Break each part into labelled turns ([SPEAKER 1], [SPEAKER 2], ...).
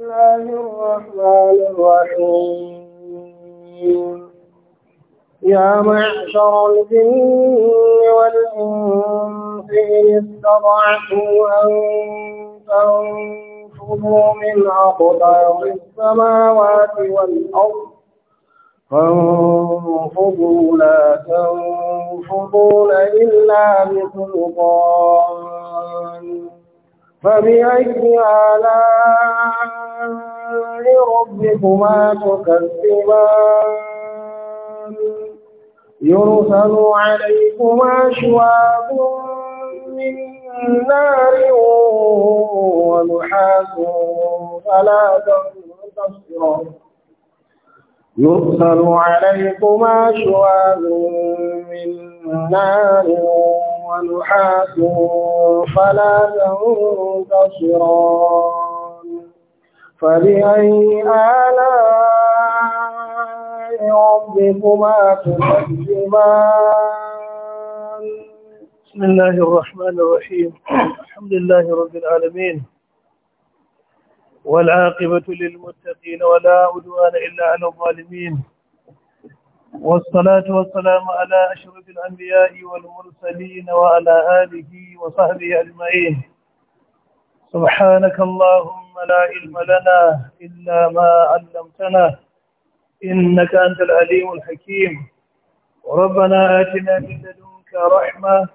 [SPEAKER 1] الله الرحمن الرحيم يا معشر الجن والإنس إن استطعتم أن تنفذوا من أقدار السماوات والأرض فانفضوا لا تنفضون إلا بسلطان فبأي آلاء لربكما تكذبان يرسل عليكما شواب من نار ونحاس فلا تنتصران يرسل عليكما شواب من نار ونحاس فلا تنتصران فبأي آلاء ربكما تكذبان بسم الله الرحمن
[SPEAKER 2] الرحيم الحمد لله رب العالمين والعاقبة للمتقين ولا عدوان إلا على الظالمين والصلاة والسلام على أشرف الأنبياء والمرسلين وعلى آله وصحبه أجمعين سبحانك اللهم لا علم لنا إلا ما علمتنا إنك أنت العليم الحكيم ربنا آتنا من لدنك رحمة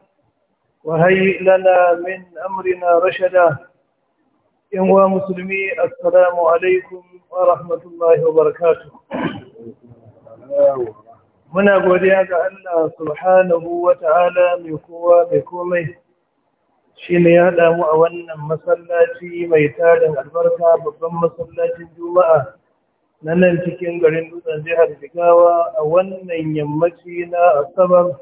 [SPEAKER 2] وهيئ لنا من أمرنا رشدا ينوى مسلمي السلام عليكم ورحمة الله وبركاته muna godiya ga Allah subhanahu wa ta'ala mai kowa mai komai shi ne ya damu a wannan masallaci mai tarin albarka babban masallacin juma'a na nan cikin garin dutsen jihar jigawa a wannan yammaci na asabar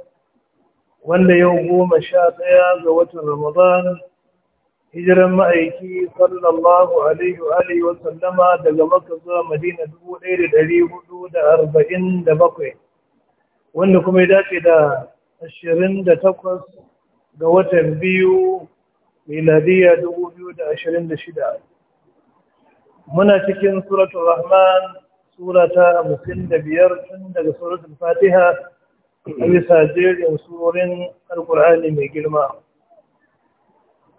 [SPEAKER 2] wanda yau goma sha ɗaya ga watan ramadan hijiran ma'aiki sallallahu alaihi wa alihi wa sallama daga maka zuwa madina dubu ɗaya da ɗari hudu da arba'in da bakwai wanda kuma ya dace da ashirin da takwas ga watan biyu miladiyya 2026 muna cikin suratul rahman surata 55 tun daga suratul fatiha a bisa jerin surorin alkur'ani mai girma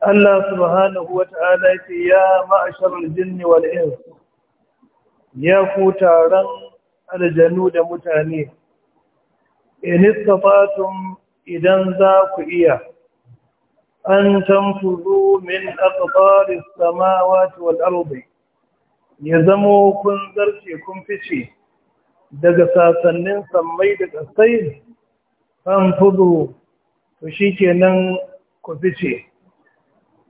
[SPEAKER 2] Allah subhanahu wa ta'ala yake ya ma'asharar jinni wal ins ya ku taron aljanu da mutane in istafatum idan za ku iya أن تنفذوا من أقطار السماوات والأرض يزموا كن زرشي كن فشي دقا سنن سمي دقا سيد فانفذوا فشيكي نن كفشي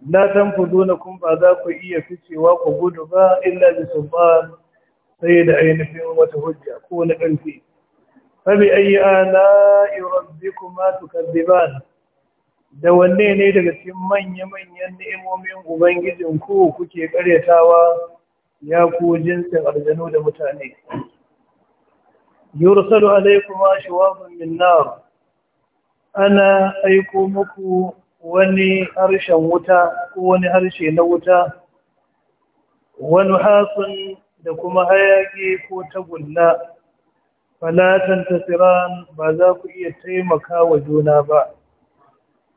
[SPEAKER 2] لا تنفذون كن فذاك إيا فشي وقبود با إلا بسلطان سيد عين في وتهجة كون ألفي فبأي آلاء ربكما تكذبان da wanne ne daga cikin manya-manyan ni'imomin ubangijin ku kuke karyatawa ya ku jinsin aljanu da mutane yursalu alaikum ashwaabun min nar ana aiko muku wani harshen wuta ko wani harshe na wuta wani hasun da kuma hayaki ko tagulla falatan tasiran ba za ku iya taimaka wa juna ba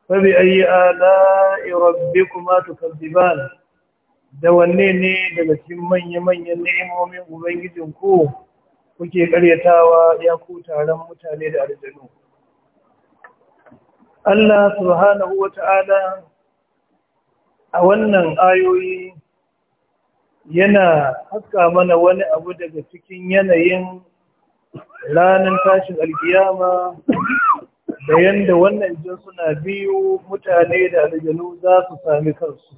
[SPEAKER 2] فبأي آلاء ربكما تكذبان da wanne ne daga cikin manya-manyan ni'imomin ubangijin ko kuke karyatawa ya ku taron mutane da aljanu Allah subhanahu Ta'ala a wannan ayoyi yana haska mana wani abu daga cikin yanayin ranar tashin alkiyama
[SPEAKER 1] da yadda wannan
[SPEAKER 2] suna biyu mutane da aljanu za su sami kansu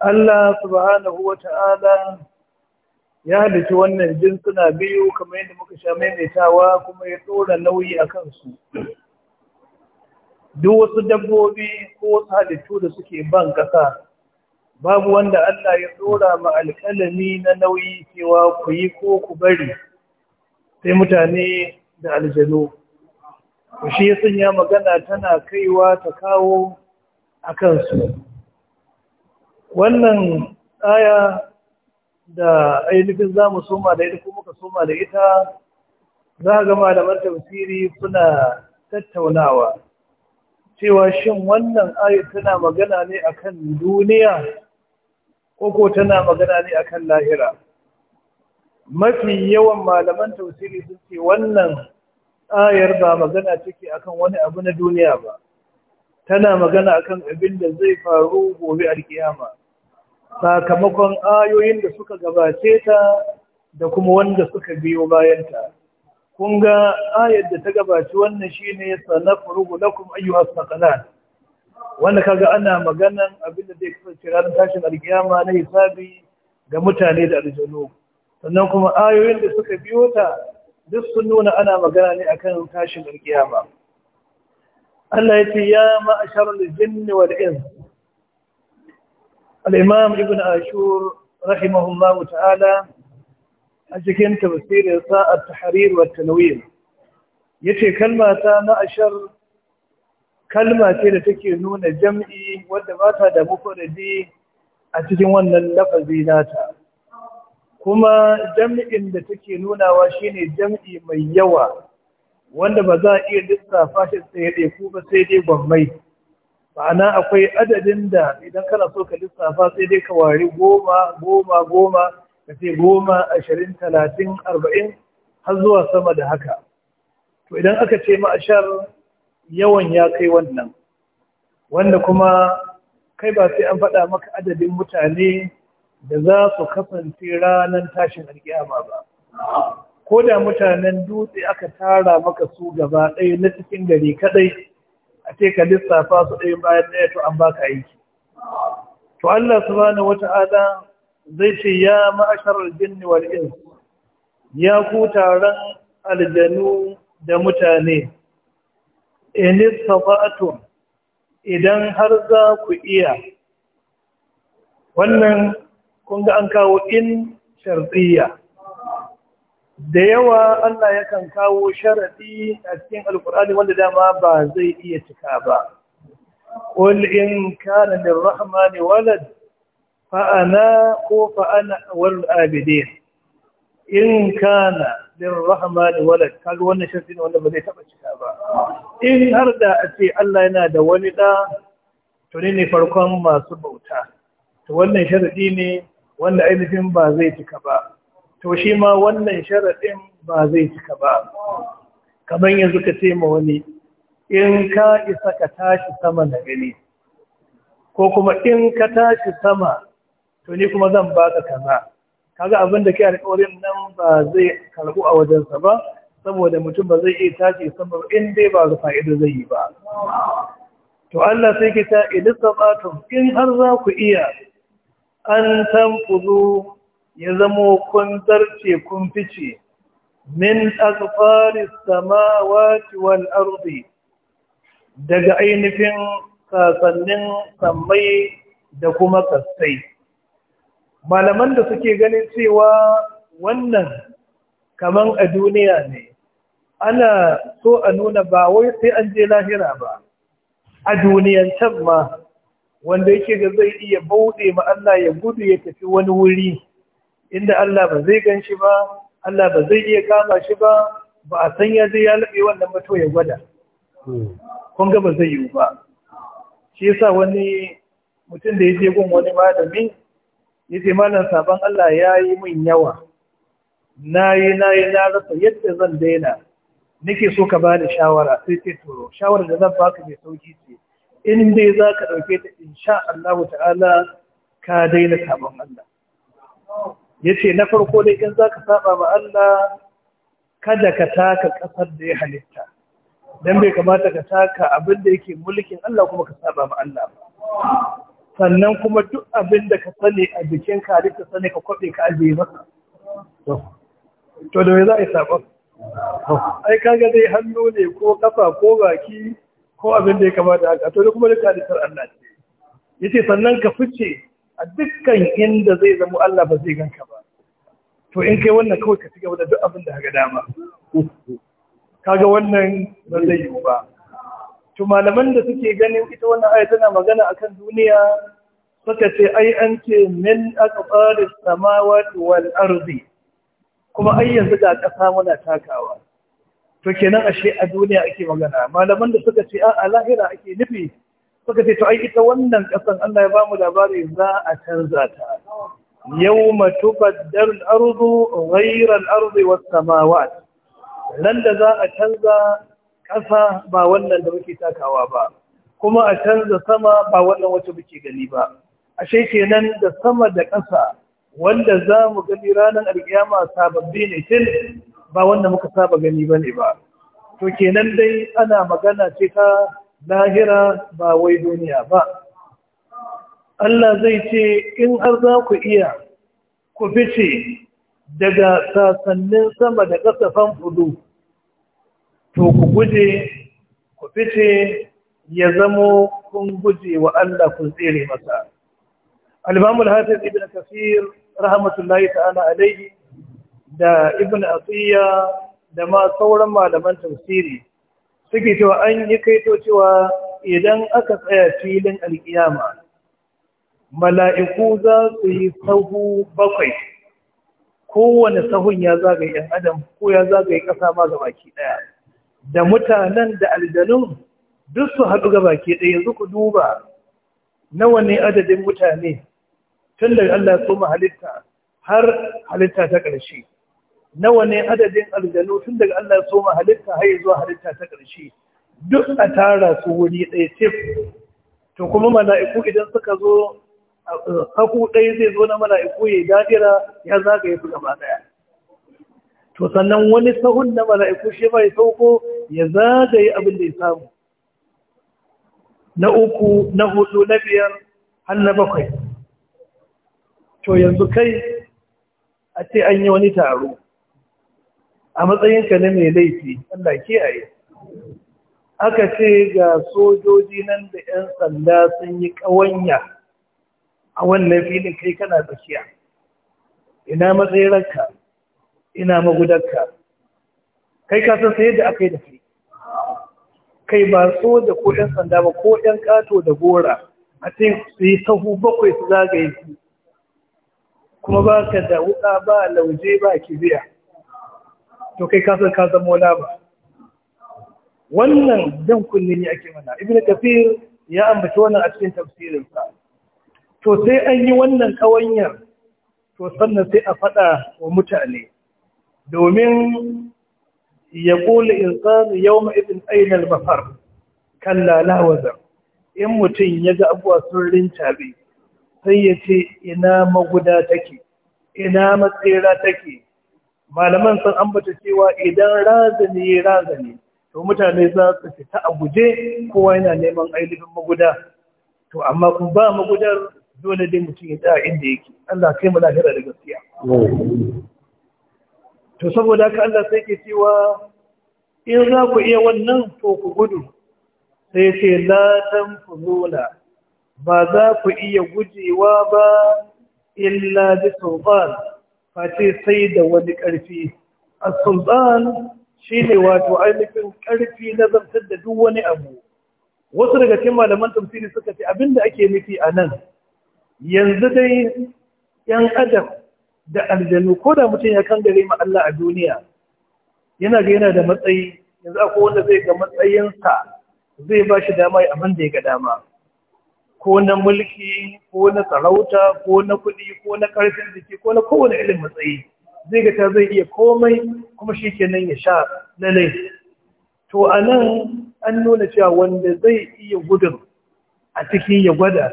[SPEAKER 2] Allah subhanahu wa ta'ala ya halitta wannan jinsuna biyu kamar yadda muka sha maimaitawa kuma ya tsora nauyi a kansu duk wasu dabbobi ko wasu halittu da suke ban ƙasa babu wanda Allah ya tsora ma alƙalami na nauyi cewa ku yi ko ku bari sai mutane da aljanu shi ya sanya magana tana kaiwa ta kawo a kansu wannan aya da ainihin za mu soma da ita ko muka soma da ita za ga malaman tafsiri suna tattaunawa cewa shin wannan ayi tana magana ne akan duniya ko tana magana ne akan lahira mafi yawan malaman tausiri sun ce wannan ayar ba magana take akan wani abu na duniya ba tana magana akan abin da zai faru gobe alkiyama
[SPEAKER 1] sakamakon
[SPEAKER 2] ayoyin da suka gabace ta da kuma wanda suka biyo bayanta kun ga ayar da ta gabaci wannan shine sanafrugu lakum ayyuhas saqalan wanda kaga ana maganan abin da zai kasance ranar tashin alkiyama na hisabi ga mutane da aljanu sannan kuma ayoyin da suka biyo ta duk sun nuna ana magana ne akan tashin alkiyama Allah ya ce ya ma'asharul jinni wal ins al-imam ibn ashur rahimahullahu ta'ala a cikin tafsirin sa at-tahrir wa tanwir yace kalma ta ma'ashar kalma ce da take nuna jam'i wadda ba ta da mufradi a cikin wannan lafazi nata kuma jam'in da take nunawa shine jam'i mai yawa wanda ba za a iya lissafa shi tsaye ku ba sai dai gwammai ma'ana akwai adadin da idan kana so ka lissafa sai dai ka wari goma goma goma ka ce goma ashirin talatin arba'in har zuwa sama da haka to idan aka ce ma'ashar yawan ya kai wannan wanda kuma kai ba sai an faɗa maka adadin mutane da za su kasance ranar tashin alkiyama ba ko da mutanen dutse aka tara maka su gaba ɗaya na cikin gari kaɗai a ce ka lissafa su ɗaya bayan ɗaya to an baka aiki to Allah subhanahu wata'ala zai ce ya masharar jinni wal ins ya ku taron aljanu da mutane in idan har za ku iya wannan kun ga an kawo in shartiya da yawa Allah yakan kawo sharadi a cikin alkur'ani wanda dama ba zai iya cika ba qul in kana lirrahmani walad fa ana ko fa ana wal abidin in kana lirrahmani walad kaga wannan sharadi wanda ba zai taba cika ba in har da a ce Allah yana da wani da to ne farkon masu bauta to wannan sharadi ne wanda ainihin ba zai cika ba to shi ma wannan sharaɗin ba zai cika ba kamar yanzu ka ce ma wani in ka isa ka tashi sama na gani ko kuma in ka tashi sama to ni kuma zan baka kaza kaga abin da ke alƙawarin nan ba zai karɓu a wajensa ba saboda mutum ba zai iya tashi sama in dai ba su fa'ida zai yi ba to Allah sai ke ta idan in har za ku iya an tanfudu ya zamo kun zarce kun fice min asfaris samawati wal ardi daga ainihin kasannin sammai da kuma kastai malaman da suke ganin cewa wannan kaman a duniya ne ana so a nuna ba wai sai an je lahira ba a duniyan can ma wanda yake ga zai iya bauɗe ma Allah ya gudu ya tafi wani wuri inda Allah ba zai gan ba Allah ba zai iya kama shi ba ba a san ya zai ya labe wannan mato ya gwada hmm. kun ga ba zai yiwu ba shi yasa wani mutum da ya je gun wani malami yaje malan malam sabon Allah ya yi min yawa na yi na rasa yadda zan daina nake so ka bani shawara sai ce to shawarar da zan baka mai sauki ce in dai za ka ɗauke ta in sha Allah ta'ala ka daina sabon Allah ya ce na farko dai in za ka saba ma Allah kada ka taka ƙasar da ya halitta don bai kamata ka taka abin da yake mulkin Allah kuma ka saba ma Allah sannan kuma duk abin da ka sani a jikin ka halitta sani ka kwaɓe ka ajiye masa to da wai za a yi sabon ai kaga dai hannu ne ko kafa ko baki ko abin da ya kamata haka to kuma duka halittar Allah ce yace sannan ka fice a dukkan inda zai zama Allah ba zai ganka ba
[SPEAKER 1] to in kai wannan
[SPEAKER 2] kawai ka cigaba da duk abin da ka dama kaga wannan ba zai yi ba to malaman da suke ganin ita wannan aya tana magana akan duniya suka ce ai an ce min aqbaris samawati wal ardi kuma ai yanzu ga kasa muna takawa to kenan ashe a duniya ake magana malaman da suka ce a lahira ake nufi suka ce to ai ita wannan kasan Allah ya bamu labari za a canza ta yawma tubaddalu al-ardu ghayra al-ardi was-samawat nan da za a canza kasa ba wannan da muke takawa ba kuma a canza sama ba wannan wacce muke gani ba ashe kenan da sama da kasa wanda za mu gani ranar alkiyama sababbi ne til ba wanda muka saba gani ba ne ba to kenan dai ana magana ce ta lahira ba wai duniya ba Allah zai ce in har za ku iya ku fice daga sasannin sama da kasafan fudu to ku guje ku fice ya zamo kun guje wa Allah kun tsere masa Albamul hafiz Ibn kafir rahmatullahi ta'ala alayhi da ibn atiyya da ma sauran malaman tafsiri suke cewa an yi kaito cewa idan aka tsaya filin alkiyama mala'iku za su yi sahu bakwai kowane sahun ya zagaye ɗan adam ko ya zagaye ƙasa ma ga baki ɗaya da mutanen da aljanun duk su haɗu ga baki ɗaya yanzu ku duba nawa ne adadin mutane tun daga Allah ya tsoma halitta har halitta ta ƙarshe nawa ne adadin aljanu tun daga Allah so ma halitta har zuwa halitta ta ƙarshe duk a tara su wuri ɗaya tif
[SPEAKER 1] to kuma mala'iku
[SPEAKER 2] idan suka zo haku ɗaya zai zo na mala'iku ya dadira ya zagaye su gaba ɗaya to sannan wani sahun na mala'iku shi mai sauko ya zagaye abin da ya samu na uku na hudu na biyar har na bakwai to yanzu kai a ce an yi wani taro a matsayinka na mai laifi Allah kiyaye aka ce ga sojoji nan da 'yan sanda sun yi ƙawanya a wannan filin kai kana tsakiya ina matsayarka ina magudarka kai ka san sai da aka yi da kai kai ba so da ko 'yan sanda ba ko 'yan kato da gora a ce su yi sahu bakwai su zagaye kuma ba ka da wuka ba lauje ba kibiya to kai ka ka zama ba wannan jan kunne ne ake mana ibnu kafir ya ambaci wannan a cikin tafsirinsa to sai an yi wannan kawanyar to sannan sai a faɗa wa mutane domin ya ƙula insan yau ma'ibin ainihin kalla kan wazar in mutum ya ga abuwa sun rintabe sai ya ce ina maguda take ina matsera take malaman sun ambata cewa idan razani ya razani to mutane za su fita a guje kowa yana neman ainihin maguda to amma kun ba magudar dole dai mutum ya tsaya inda yake Allah kai mu lafiya da gaskiya to saboda haka Allah sai ke cewa in za ku iya wannan to ku gudu sai ce la tanfuzuna ba za ku iya gujewa ba illa bi sultan face sai da wani ƙarfi as-sultan shine wato ainihin ƙarfi na zartar da duk wani abu wasu daga cikin malaman tafsiri suka ce abinda ake nufi a nan yanzu dai yan adam da aljanu ko da mutum ya kan gare ma Allah a duniya yana ga yana da matsayi yanzu akwai wanda zai ga matsayinsa zai ba shi dama ya abin da ya ga dama ko na mulki ko na sarauta ko na kuɗi ko na ƙarfin jiki ko na kowane irin matsayi zai ga ta zai iya komai kuma shi kenan ya sha lalai to a nan an nuna cewa wanda zai iya gudun a ciki ya gwada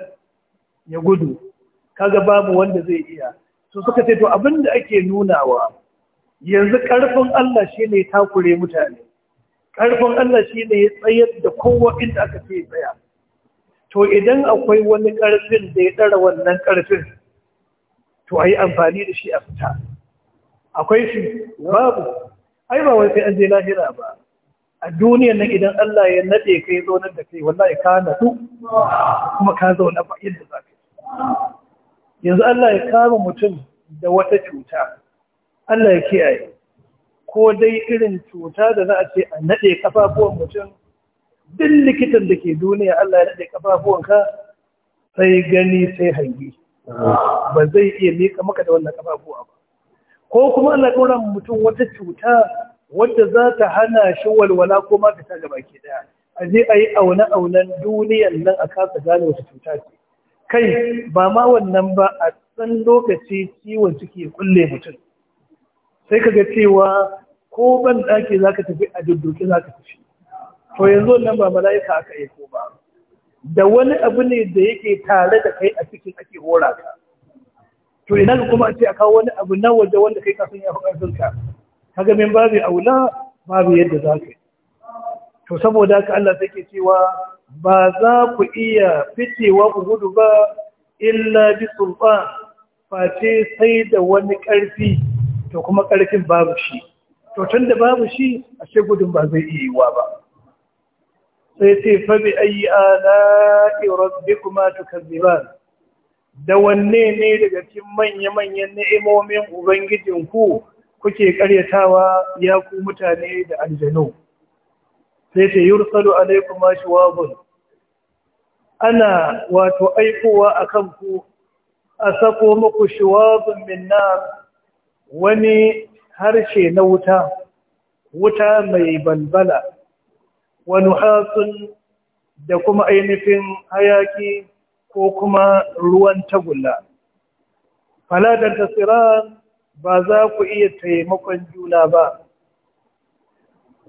[SPEAKER 2] ya gudu kaga babu wanda zai iya to suka ce to abinda ake nunawa yanzu ƙarfin Allah shi shine takure mutane karfin Allah shi ne ya tsayar da kowa inda aka ce tsaya to idan akwai wani ƙarfin da ya ɗara wannan ƙarfin to a yi amfani da shi a fita akwai shi babu ai ba wai sai an je lahira ba a duniyan nan idan Allah ya naɗe kai zo da kai wallahi ka naɗu kuma ka zauna ba yadda za ka yanzu Allah ya kama mutum da wata cuta Allah ya kiyaye ko dai irin cuta da za a ce a naɗe kafafuwan mutum duk likitan da ke duniya Allah ya daɗe ƙafafuwanka sai gani sai hangi ba zai iya mika maka da wannan ƙafafuwa ba ko kuma Allah ɗora mutum wata cuta wadda za ta hana shi walwala ko ma ta gaba ke ɗaya, a je a yi aune-aunen duniyan nan a kasa gane wata cuta ce kai ba ma wannan ba a san lokaci ciwon ciki ya kulle mutum sai ka ga cewa ko ban ɗaki za ka tafi a dudduki za ka tafi to yanzu nan ba mala'ika aka yi ko ba da wani abu ne da yake tare da kai a cikin ake hora ka to ina kuma a ce a kawo wani abu na waje wanda kai kasan ya fi ƙarfin ka kaga min babu aula babu yadda za ka yi to saboda haka Allah ke cewa ba za ku iya fitewa ku gudu ba illa bi sulban face sai da wani ƙarfi to kuma ƙarfin babu shi to tun da babu shi a ce gudun ba zai iya yiwuwa ba sai ce fabi bi ayi ala'i rabbikuma tukazziban da wanne ne daga cikin manya-manyan ni'imomin ubangijinku kuke karyatawa ya ku mutane da aljanu sai ce yursalu alaikuma shiwabun ana wato aikowa a kanku a sako muku shiwabun minna wani harshe na wuta wuta mai balbala wa nuhasun da kuma ainihin hayaki ko kuma ruwan tagulla faladar tasiran ba za ku iya taimakon juna ba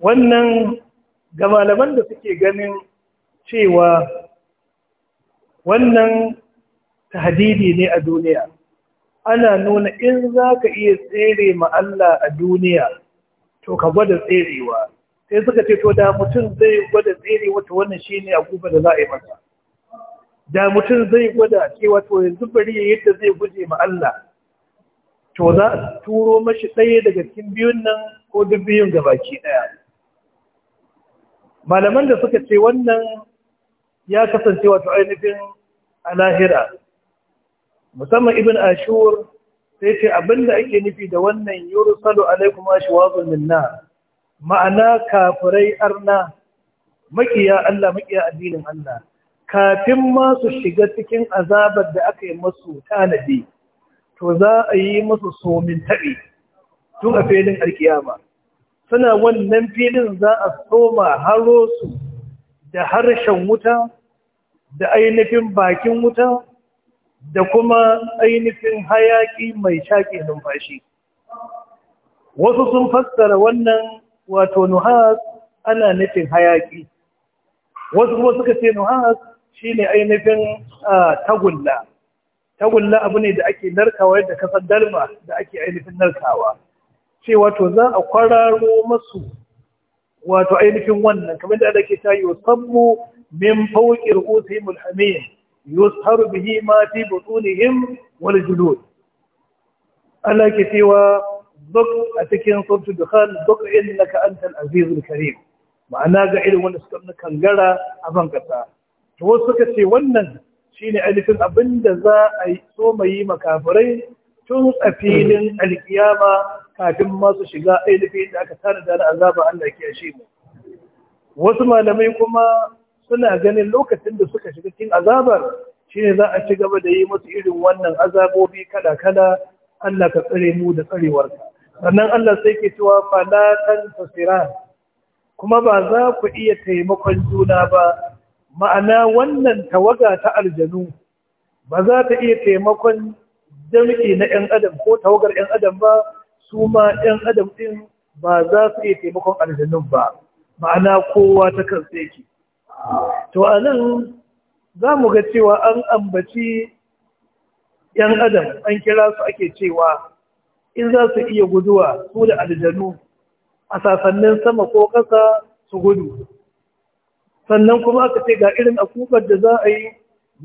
[SPEAKER 2] wannan ga malaman da suke ganin cewa wannan tahdidi ne a duniya ana nuna in za ka iya tsere ma Allah a duniya to ka gwada tserewa sai suka ce to da mutum zai gwada tsere wata wannan shi ne abubuwa da za a yi masa da mutum zai gwada cewa to yanzu bari ya yadda zai guje ma Allah to za a turo mashi ɗaya daga cikin biyun nan ko duk biyun ga baki ɗaya malaman da suka ce wannan ya kasance wato ainihin a lahira musamman ibn ashur sai ce abinda ake nufi da wannan yurusalu alaikum ashwazun minna ma'ana kafirai arna makiya Allah makiya addinin Allah kafin ma su shiga cikin azabar da aka yi masu tanadi to za a yi masu somin taɓi tun a filin alkiyama suna wannan filin za a soma haro su da harshen wuta da ainihin bakin wuta da kuma ainihin hayaƙi mai shaƙe numfashi wasu sun fassara wannan wato nuhas ana nufin hayaki wasu kuma suka ce nuhas shine ainihin tagulla tagulla abu ne da ake narkawa yadda kasar dalma da ake ainihin narkawa ce wato za a kwararo masu wato ainihin wannan kamar da ake ta yi wasammu min fawqi ru'usihim al yusharu bihi ma fi butunihim wal julud Allah ke cewa duk a cikin sautu dukkan duk innaka antal azizul karim ma'ana ga irin wanda suka kangara a ban kasa to wasu suka ce wannan shine ainihin abin da za a so mai makafirai tun a filin alkiyama kafin masu shiga ainihin da aka tanada na azaba Allah ke shi mu wasu malamai kuma suna ganin lokacin da suka shiga cikin azabar shine za a ci gaba da yi musu irin wannan azabobi kala kala Allah ka tsare mu da tsarewarka sannan Allah sai ke cewa fala tantasira kuma ba za ku iya taimakon juna ba ma'ana wannan tawaga ta aljanu ba za ta iya taimakon jami'i na 'yan adam ko tawagar 'yan adam ba su ma 'yan adam ɗin ba za su iya taimakon aljanu ba ma'ana kowa ta kan yake to a nan za mu ga cewa an ambaci 'yan adam an kira su ake cewa in za su iya guduwa su da aljanu a sasannin sama ko ƙasa su gudu sannan kuma aka ce ga irin akubar da za a yi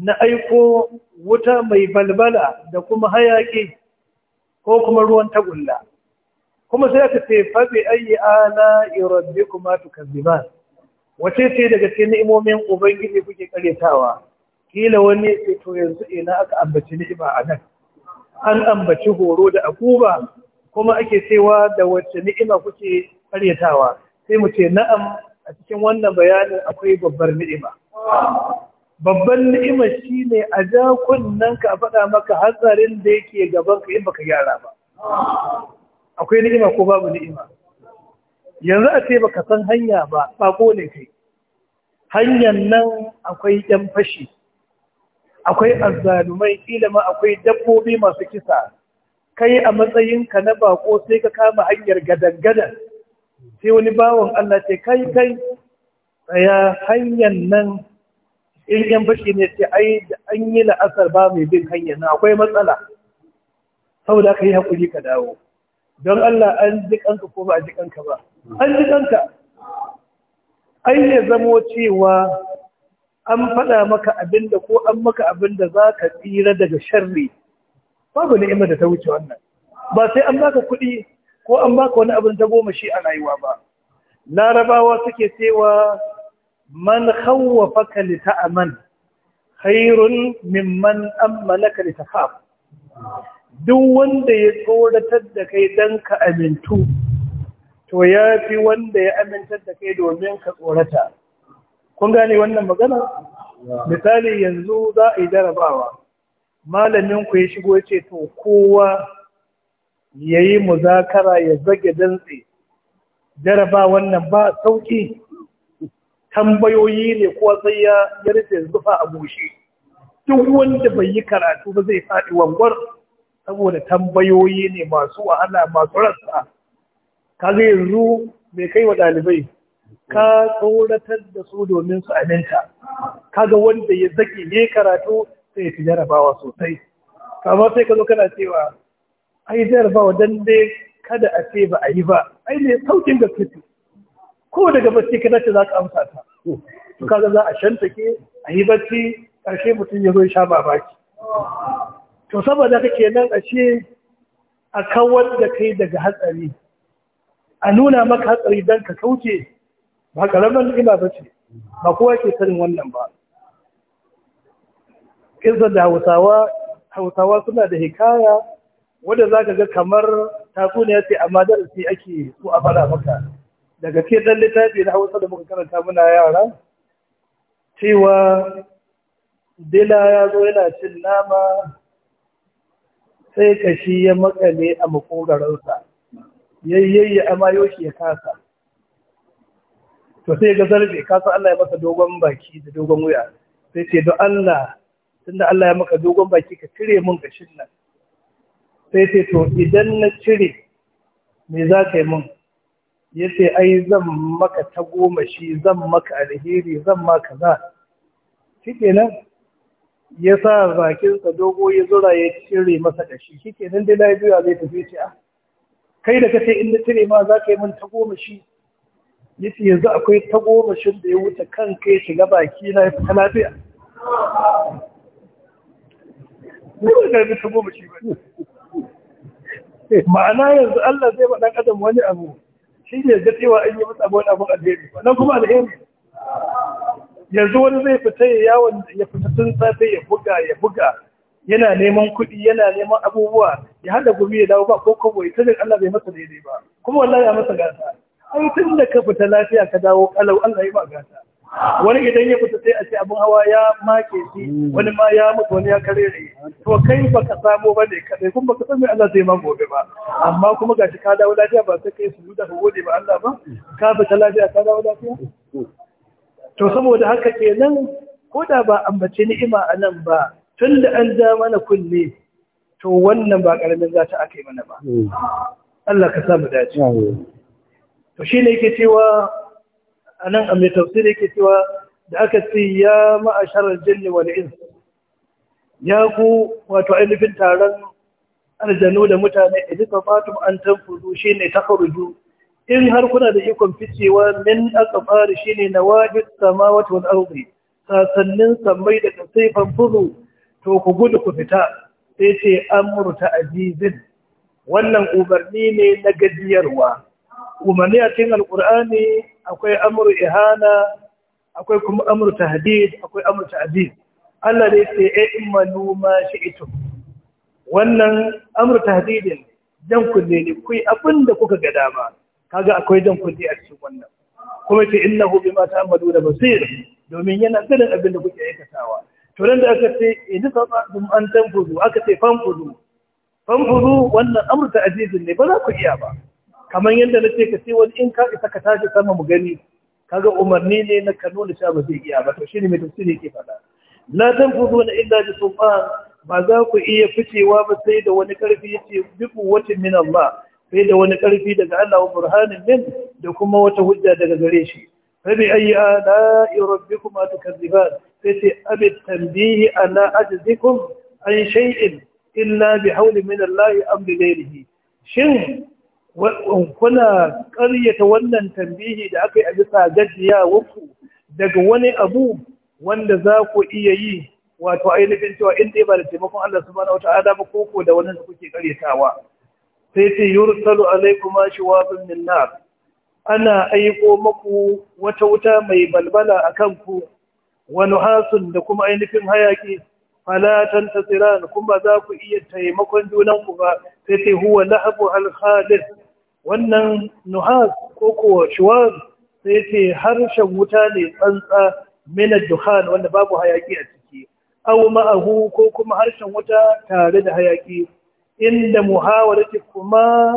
[SPEAKER 2] na aiko wuta mai balbala da kuma hayaƙi ko kuma ruwan tagulla kuma sai aka ce faɗi ayi ala irabbi kuma tukazziban wace ce daga cikin ni'imomin ubangiji kuke karetawa kila wani ce to yanzu ina aka ambaci ni'ima a nan an ambaci horo da akuba kuma ake cewa da wacce ni'ima kuke karyatawa sai mu ce na'am a cikin wannan bayanin akwai babbar ni'ima babban ni'ima shine a ja kunnan ka faɗa maka hatsarin da yake gaban ka in baka gyara ba akwai ni'ima ko babu ni'ima yanzu a ce baka san hanya ba bako ne kai hanyar nan akwai yan fashi akwai azzalumai ma akwai dabbobi masu kisa kai a matsayinka na bako sai ka kama hanyar gadangadan sai wani bawan Allah ce kai kai tsaya hanyar nan in yan bashi ne ce ai an yi la'asar ba mai bin hanyar nan akwai matsala
[SPEAKER 1] saboda ka yi haƙuri ka
[SPEAKER 2] dawo don Allah an ji kanka ko ba a ji kanka ba an ji kanka ai ya zamo cewa an faɗa maka abin da ko an maka abin da za ka tsira daga sharri babu ni'imar da ta wuce wannan ba sai an baka kuɗi ko an baka wani abin ta goma shi a rayuwa ba larabawa suke cewa man khawwafaka li ta'man khairun mimman amalaka li takhaf duk wanda ya tsoratar da kai dan ka amintu to yafi wanda ya amintar da kai domin ka tsorata kun gane wannan magana misali yanzu za a yi jarabawa malamin ku ya shigo ya ce to kowa ya yi muzakara ya zage dantse jaraba wannan ba sauki tambayoyi ne kowa sai ya rufe zufa a bushe duk wanda bai yi karatu ba zai faɗi wangwar saboda tambayoyi ne masu wahala masu rassa ga yanzu mai kai wa ɗalibai ka tsoratar da su domin su aminta kaga wanda ya zaki ne karatu sai ya fi jarabawa sosai kama sai ka zo kana cewa ai jarabawa don dai kada a ce ba a yi ba ai ne saukin gaske ko daga bacci ka dace za ka amsa ta to kaga za a shantake a yi bacci ƙarshe mutum ya zo ya sha babaki to saboda kake nan ashe a kawar da kai daga hatsari a nuna maka hatsari don ka kauce ba karamar ni'ima ba ce ba kowa ke sanin wannan ba ƙirzar da hausawa suna da hikaya wanda za ka ga kamar ya ce amma darasi ake so a fara maka daga ke ɗan littafi na hausa da muka karanta muna yara cewa dila ya zo yana cin nama sai kashi ya makale a makogararsa yayyayi amayoshi ya kasa to sai ga zarbe ka san Allah ya masa dogon baki da dogon wuya sai ce don Allah tunda Allah ya maka dogon baki ka cire mun kashin nan sai ce to idan na cire me za ka yi mun ya ce ai zan maka ta goma shi zan maka alheri zan maka za shi kenan ya sa bakinsa dogo ya zura ya cire masa kashi shi kenan dai lafiya zai tafi ce a ah, kai da kace in na cire ma za ka yi mun ta goma shi yace yanzu akwai tagomashin da ya wuce kan kai shiga baki na ta lafiya ne da ni tagomashi ba ma'ana yanzu Allah zai maɗan adam wani abu shi ne ga cewa an yi masa abu wani abu alheri wannan kuma alheri yanzu wani zai fita ya yawon ya fita tun safe ya buga ya buga yana neman kuɗi yana neman abubuwa ya hada gumi ya dawo ba ko kobo ita Allah bai masa daidai ba kuma wallahi ya masa gasa an tun da ka fita lafiya ka dawo kalau Allah ya ba gata wani idan ya fita sai a ce abin hawa ya make shi wani ma ya mutu wani ya kare ne to kai ba ka samu ne kadai kuma ka san me Allah zai ma gobe ba amma kuma gashi ka dawo lafiya ba sai kai su da gode ba Allah ba ka fita lafiya ka dawo lafiya to saboda haka kenan ko da ba ambace ni'ima a nan ba tun da an ja mana kunne to wannan ba karamin zata aka yi mana ba hmm. Allah ka samu dace to shi ne yake cewa a nan a mai tafsir yake cewa da aka ce ya ma'asharar jini wal ins ya ku wato ainihin taron aljanu da mutane idan ka fatu an tanfuzu shi ne ta faruju in har kuna da ikon ficewa min aka fara shi ne na wajen sama wata wani arziki sasannin sammai da kasai fanfuzu to ku gudu ku fita sai ce amurta ajizin wannan umarni ne na gajiyarwa umarni a cikin alkur'ani akwai amru ihana akwai kuma amru tahdid akwai amru ta'zib Allah ne ce ya imanu ma ito. wannan amru tahdidin jan kulle ne ku yi abinda kuka ga dama kaga akwai jan kulle a
[SPEAKER 1] cikin wannan kuma
[SPEAKER 2] ce mata Amadu da basir domin yana ganin abinda kuke aikatawa to nan da aka ce idan tsatsum an tanfuzu aka ce fanfuzu fanfuzu wannan amru ta'zizin ne ba za ku iya ba kamar yadda na ce ka ce wani in ka isa ka tashi sama mu gani kaga umarni ne na ka nuna sha ba zai iya ba to shine mai tafsiri ke faɗa la na illa bi sultan ba za ku iya ficewa ba sai da wani karfi yace bi quwwatin min Allah sai da wani karfi daga Allah wa burhanin min da kuma wata hujja daga gare shi fa bi ayyi ala'i rabbikuma tukazziban sai ce abi tanbihi ala ajzikum an shay'in illa bi hawli min Allah am bi shin kuna ƙaryata wannan tambihi da aka yi a bisa gajiya wuku daga wani abu wanda za ku iya yi wato ainihin cewa in dai ba da taimakon Allah subhanahu wata ba koko da wannan da kuke ƙaryatawa sai ce yursalu alaikum ashwabun min nar ana aiko maku wata wuta mai balbala a ku. wani hasun da kuma ainihin hayaki falatan tasiran kuma za ku iya taimakon junanku ba sai sai huwa la'abu al wannan nuhas ko kuwa shuwar sai ta harshen wuta ne tsantsa mina duhan wanda babu hayaki a ciki aw ma'ahu ko kuma harshen wuta tare da hayaki inda muhawarati kuma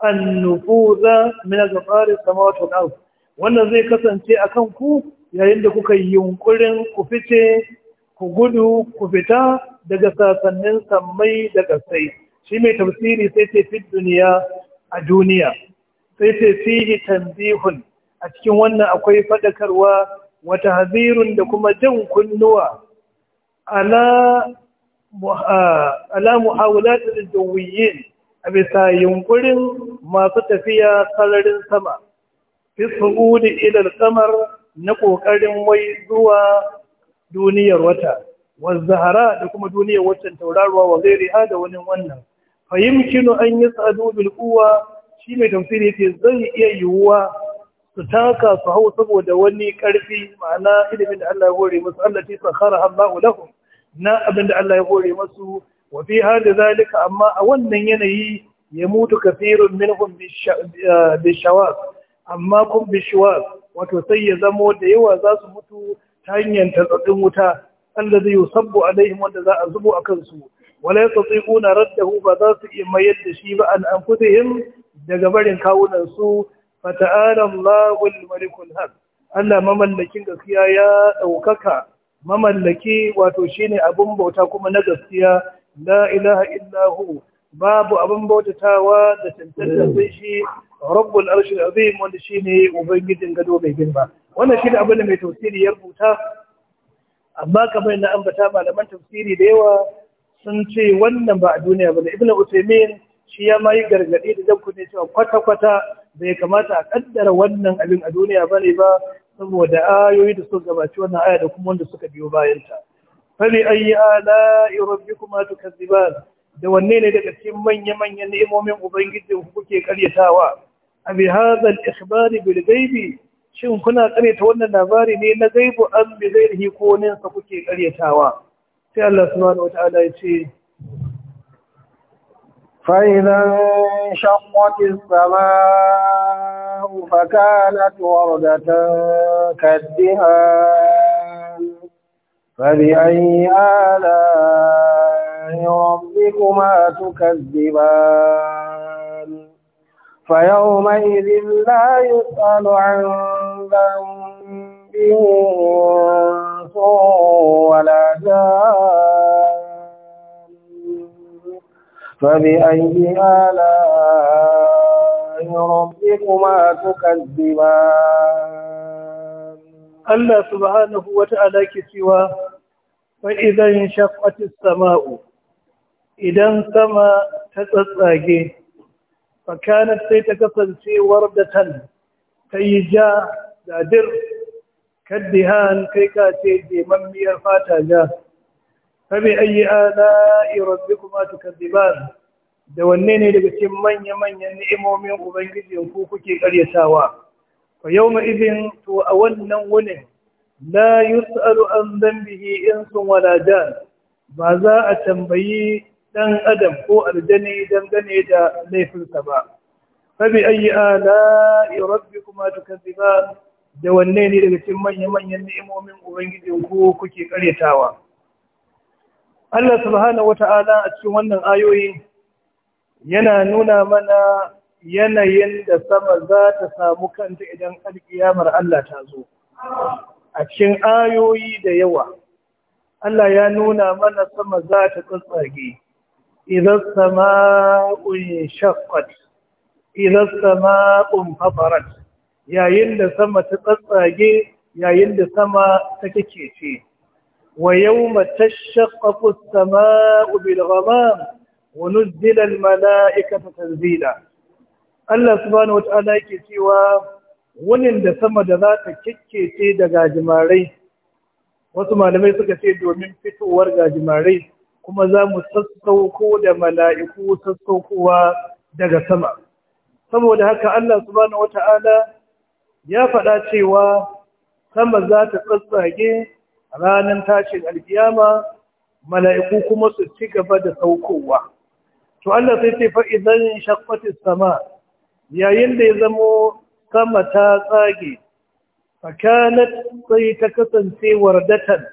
[SPEAKER 2] an-nufuza min al-ghafar as-samawati wannan zai kasance a kan ku yayin da kuka yi yunkurin ku fice ku gudu ku fita daga sasannin sammai da ƙasai shi mai tafsiri sai ce fi duniya a duniya sai ce fihi tanzihun a cikin wannan akwai fadakarwa wata hazirun da kuma jan kunnuwa ala ala da al a bisa yunkurin masu tafiya sararin sama fi su'udi ila samar na kokarin wai zuwa duniyar wata wa zahara da kuma duniyar watan tauraruwa wa zairi da wani wannan fahimkinu an yi tsado bil'uwa shi mai tamsiri yake zai iya yiwuwa su taka su hau saboda wani ƙarfi ma'ana ilimin da Allah ya hore masu Allah ta sakara Allah lahum na abin da Allah ya hore masu wafi har da zalika amma a wannan yanayi ya mutu kafirun minhum bishawar eh, amma kun wato sai ya zamo da yawa za su mutu ta hanyar tarɗaɗin wuta Allah zai yusabbu alaihim wanda za a zubo a kansu wala radda hu ba za su iya mayar da shi ba an anfusihim daga barin kawunan su fata'ala Allahu malikul haq Allah mamallakin gaskiya ya daukaka mamallaki wato shine abun bauta kuma na gaskiya la ilaha illa hu babu abin bautatawa da tantantar sai shi rabbul arshil azim wanda shine ubangijin gado mai girma wannan shine abin da mai tafsiri ya rubuta amma kamar na ambata malaman tafsiri da yawa sun ce wannan ba a duniya ba da ibn utaimin shi ya mayi gargaɗi da zan kuɗe cewa kwata-kwata bai kamata a ƙaddara wannan abin a duniya ba ne ba saboda ayoyi da suka gabaci wannan aya da kuma wanda suka biyo bayanta fali ayi ala rabbikuma tukazziban da wanne ne daga cikin manya-manyan ni'imomin ubangiji ku kuke karyatawa abi hadha al-ikhbar bil ghaibi shin kuna karyata wannan labari ne na gaibu an bi ghairihi ko ne sa kuke karyatawa
[SPEAKER 1] في الله سبحانه وتعالى ya فإذا انشقت السماء فكانت وردة كالدهان فبأي آلاء ربكما تكذبان فيومئذ لا يسأل عن ذنب إنس ولا جان فبأي آلاء ربكما تكذبان الله سبحانه وتعالى كسوى
[SPEAKER 2] فإذا انشقت السماء إذا سما تتساقي فكانت سيتكسل في وردة تيجا دادر kaddihan kai ka ce jemammiyar fata ja fabi ayi ala'i rabbikuma tukazziban da wanne ne daga cikin manya-manyan ni'imomin ubangijin ku kuke karyatawa fa yawma idin to a wannan wunin la yus'alu an dhanbihi insun wala jan ba za a tambayi dan adam ko aljani dangane da laifinsa ba fabi ayi ala'i rabbikuma tukazziban da wanne ne daga cikin manya-manyan ni'imomin ubangijin ko kuke karetawa Allah subhanahu wata'ala a cikin wannan ayoyi yana nuna mana yanayin da sama za ta samu kanta idan alkiyamar Allah ta zo a cikin ayoyi da yawa Allah ya nuna mana sama za ta tsatsage idan sama'un shaqqat idan sama'un fatarat yayin da sama ta tsatsage yayin da sama ta kekece wa yawma tashaqqaqu as-samaa'u bil ghamam wa nuzila al mala'ikatu tanzila Allah subhanahu wata'ala yake cewa wannan da sama da za ta kekece da gajimarai wasu malamai suka ce domin fitowar gajimarai kuma za mu sassauko da mala'iku sassaukowa daga sama saboda haka Allah subhanahu wata'ala ya faɗa cewa sama za ta tsatsage ranar tashin alkiyama mala'iku kuma su ci gaba da saukowa to Allah sai ce fa'izan shakwatis sama yayin da ya zamo sama ta tsage fakanat sai ta kasance wardatan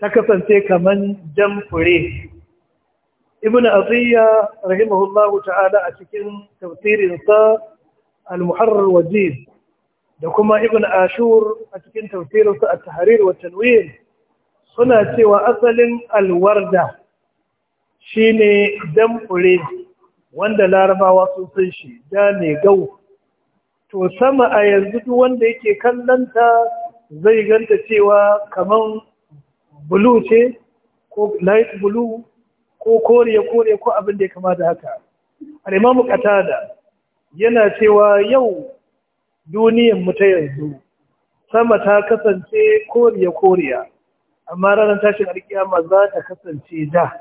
[SPEAKER 2] ta kasance kaman jamfure ibn aziyya rahimahullahu ta'ala a cikin tafsirinsa al-muharrar wajiz da kuma ibn ashur a cikin tafsirinsa a tahrir wa tanwir suna cewa asalin alwarda shine damfure wanda larabawa sun san shi da ne gau to sama a yanzu duk wanda yake kallanta zai ganta cewa kaman blue ce ko light blue ko koriya koriya ko abin da ya kama da haka al imam qatada yana cewa yau duniyan mu ta yanzu sama ta kasance koriya koriya amma ranar tashin alkiyama za ta kasance da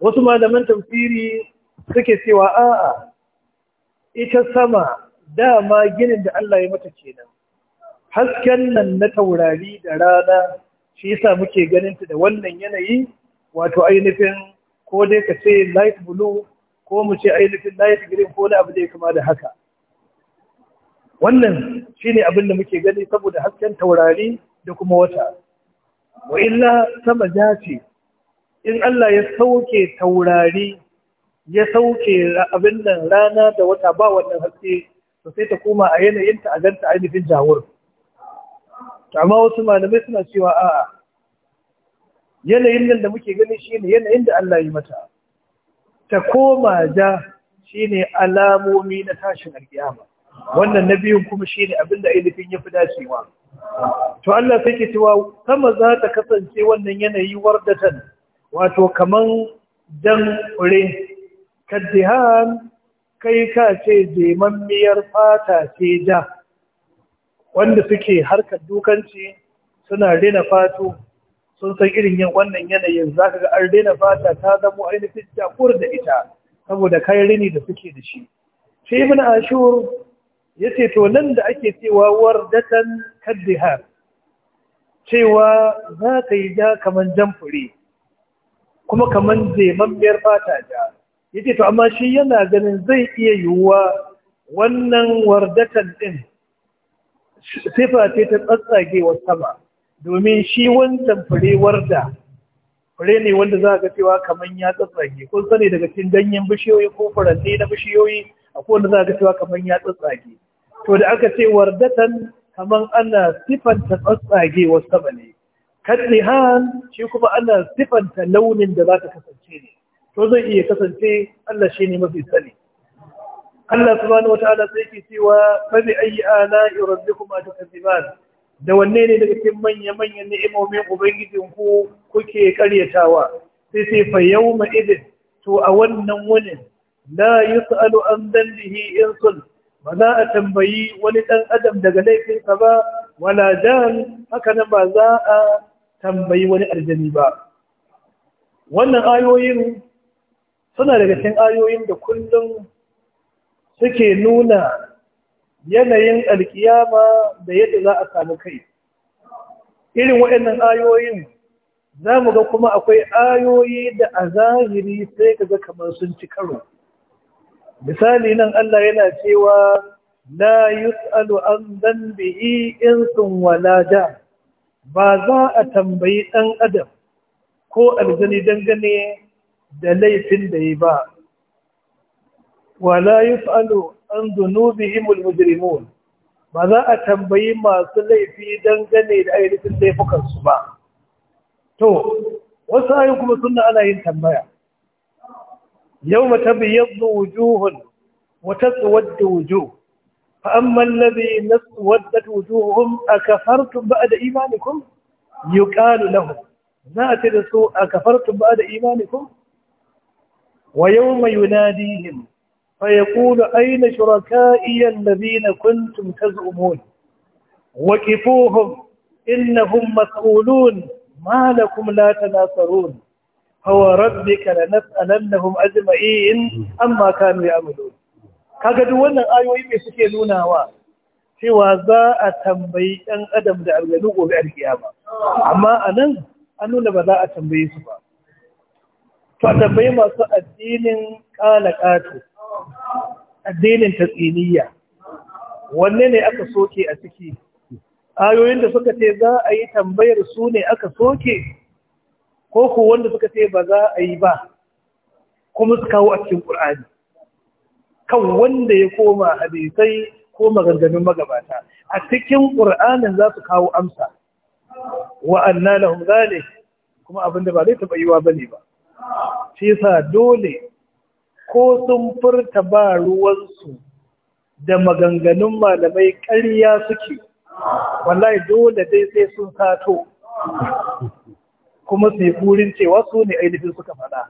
[SPEAKER 2] wasu malaman tafsiri suke cewa a'a ita sama dama ginin da Allah ya mata kenan hasken nan na taurari da rana shi yasa muke ganin ta da wannan yanayi wato ainihin ko dai ka ce light blue ko mu ce ainihin light green ko wani abu dai ya kama da haka wannan shine abin da muke gani saboda hasken taurari da kuma wata wa illa sama ja ce in Allah ya sauke taurari ya sauke abin nan rana da wata ba wannan haske to sai ta koma a yanayinta a ganta ainihin jawur amma wasu malamai suna cewa a'a yanayin nan da muke gani shine yanayin da Allah yi mata ta koma ja shine alamomi na tashin alkiyama wannan na biyun kuma shi ne abinda ainihin ya fi dacewa to Allah sai ke cewa sama za ta kasance wannan yanayi wardatan wato kaman dan fure kaddihan kai ka ce jemammiyar fata ce ja wanda suke harkar dukanci suna rena fato sun san irin yin wannan yanayin za ka ga an rena fata ta zamo ainihin jakur da ita saboda kayan rini da suke da shi shi ibn ashur yace to nan da ake cewa wardatan kaddihar cewa za ka yi ja kaman jamfure kuma kaman jemammiyar fata ja yace to amma shi yana ganin zai iya yiwuwa wannan wardatan din sifa ce ta tsatsagewar sama domin shi wancan fure warda fure ne wanda za ga cewa kamar ya tsatsage kun sani daga cikin ganyen bishiyoyi ko furanni na bishiyoyi akwai wanda za ga cewa kamar ya tsatsage to da aka ce wardatan kaman ana sifanta tsatsage wasu saba ne kaddihan shi kuma ana sifanta launin da za ta kasance ne to zai iya kasance Allah shi ne mafi sani Allah subhanahu wata'ala sai yake cewa fa bi ayi ala rabbikuma tukazziban da wanne ne daga cikin manya manyan ni'imomin ubangijin ku kuke karyatawa sai sai fa yawma idin to a wannan wunin la yus'alu an dhanbihi insul. ba za a tambayi wani ɗan adam daga laifinsa ba wala jan haka nan ba za a tambayi wani aljani ba wannan ayoyin suna daga cikin ayoyin da kullum suke nuna yanayin alkiyama da yadda za a samu kai irin waɗannan ayoyin za mu ga kuma akwai ayoyi da a zahiri sai ka ga kamar sun ci karo misali nan Allah yana cewa la yus'alu an dhanbihi insun wala da. ba za a tambayi dan adam ko aljani dangane da laifin da yi ba wala yus'alu an dhunubihim almujrimun ba za a tambayi masu laifi dangane da ainihin laifukansu ba to wasu ayyukan kuma suna ana yin tambaya يوم تبيض وجوه وتسود وجوه فأما الذين اسودت وجوههم أكفرتم بعد إيمانكم يقال لهم لا ترسوا أكفرتم بعد إيمانكم ويوم يناديهم فيقول أين شركائي الذين كنتم تزعمون وقفوهم إنهم مسؤولون ما لكم لا تناصرون فوربك لنسألنهم أجمعين أما كانوا يعملون kaga duk wannan ayoyi mai suke nunawa cewa za a tambayi ɗan adam da aljanu gobe a kiyama amma a nan an nuna ba za a tambaye su ba to a tambayi masu addinin ƙalaƙato addinin tatsiniya wanne ne aka soke a ciki ayoyin da suka ce za a yi tambayar su ne aka soke ko ko wanda suka ce ba za a yi ba kuma su kawo a cikin Kur'ani. kan wanda ya koma hadisai ko maganganun magabata a cikin ƙur'anin za su kawo amsa wa'anna anna lahum kuma abinda ba zai taba yiwa bane ba shi sa dole ko sun furta ba ruwansu da maganganun malamai karya suke wallahi dole dai sai sun sato kuma su yi burin cewa su ne ainihin suka faɗa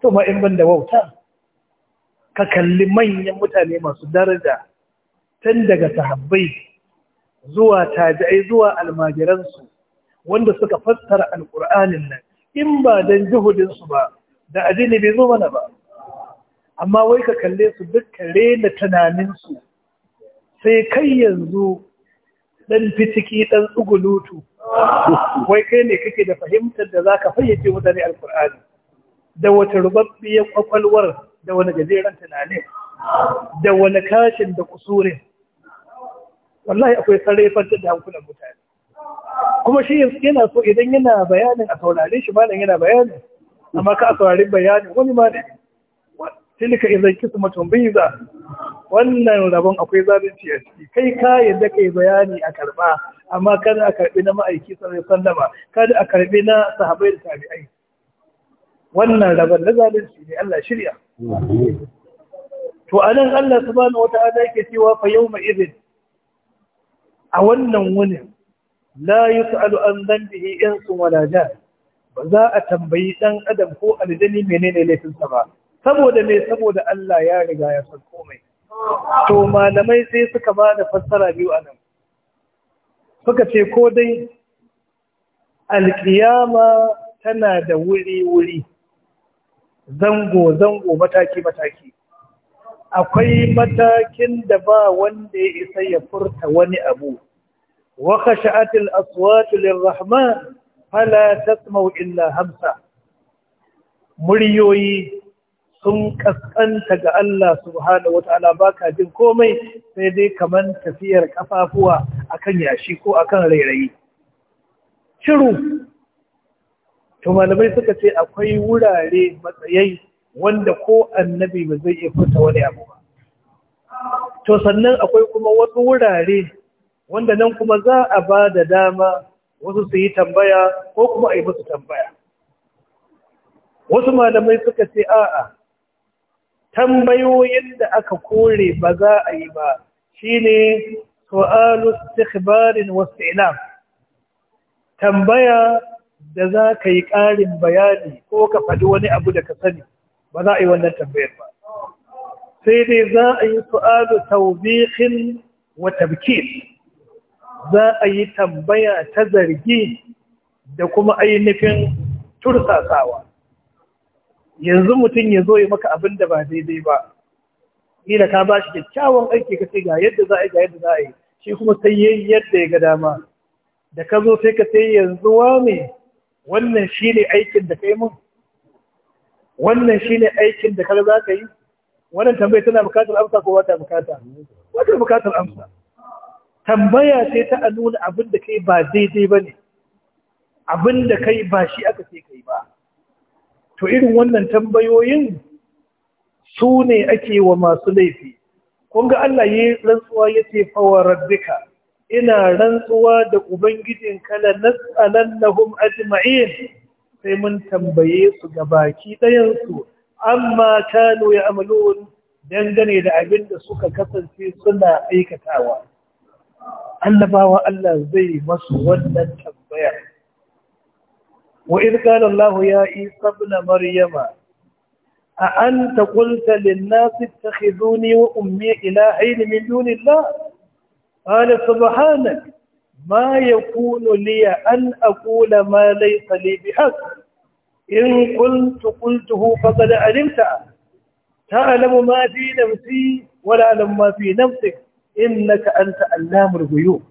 [SPEAKER 2] to in ban da wauta ka kalli manyan mutane masu daraja tun daga sahabbai zuwa tabi'ai zuwa almajiransu wanda suka fassara alƙur'anin nan in ba don jihudinsu ba da addini bai zo mana ba amma wai ka kalle su dukkan rena tunaninsu sai kai yanzu ɗan fitiki ɗan tsugulutu wai kai ne kake da fahimtar da zaka fayyace mutane alkur'ani da wata rubabbiyar kwakwalwar da wani gajeren tunani da wani kashin da kusurin wallahi akwai ta da hankulan mutane kuma shi yana so idan yana bayanin a saurare shi malam yana bayanin amma ka a saurari bayanin wani malam tilka idan kisa za. wannan rabon akwai zalunci a ciki kai ka yadda kai bayani a karba amma kada a karbi na ma'aiki sallallahu alaihi kada a karbi na sahabbai da tabi'ai wannan rabon na zalunci ne Allah shirya to anan Allah subhanahu wata'ala yake cewa fa yawma idin a wannan wunin la yus'alu an dhanbihi insun wala jan ba za a tambayi ɗan adam ko aljani menene laifinsa ba saboda me saboda Allah ya riga ya san komai to malamai sai suka ba da fassara biyu a nan suka ce ko dai alkiyama tana da wuri-wuri zango-zango mataki-mataki akwai matakin da ba wanda ya isa ya furta wani abu wa khashatil aswatu lirrahman fala tasma'u illa hamsa muryoyi sun kaskanta ga Allah subhanahu wata'ala baka jin komai sai dai kamar tafiyar kafafuwa akan yashi ko akan rairayi shiru to malamai suka ce akwai wurare matsayai wanda ko annabi ba zai iya furta wani abu ba to sannan akwai kuma wasu wurare wanda nan kuma za a ba da dama wasu su yi tambaya ko kuma a yi musu tambaya wasu malamai suka ce a'a tambayoyin da aka kore ba za a yi ba shine su'alu istikhbarin wasti'lam tambaya da za ka yi ƙarin bayani ko ka faɗi wani abu da ka sani ba za a yi wannan tambayar ba sai dai za a yi su'alu taubihin wa tabkin za a yi tambaya ta zargi da kuma ainihin tursasawa yanzu mutum ya zo ya maka abin da ba daidai ba kila ka ba shi kyakkyawan aiki ka ce ga yadda za a yi ga yadda za a yi shi kuma sai yi yadda ya ga dama da ka zo sai ka ce yanzu wa ne wannan ne aikin da kai mun wannan ne aikin da kaga za ka yi wannan tambaya tana bukatar amsa ko wata bukata wata bukatar amsa tambaya ce ta nuna abin da kai ba daidai ba ne abin da kai ba shi aka ce kai ba to irin wannan tambayoyin su ne ake wa masu laifi kun ga Allah ya rantsuwa ya ce fawa rabbika ina rantsuwa da ubangijin kala nas'alannahum ajma'in sai mun tambaye su ga baki ɗayan su amma kanu ya'malun dangane da abin da suka kasance suna aikatawa Allabawa Allah zai masu wannan tambayar. وإذ قال الله يا عيسى ابن مريم أأنت قلت للناس اتخذوني وأمي إلهين من دون الله قال سبحانك ما يكون لي أن أقول ما ليس لي بحق إن قلت قلته فقد علمته تعلم ما في نفسي ولا أعلم ما في نفسك إنك أنت علام الغيوب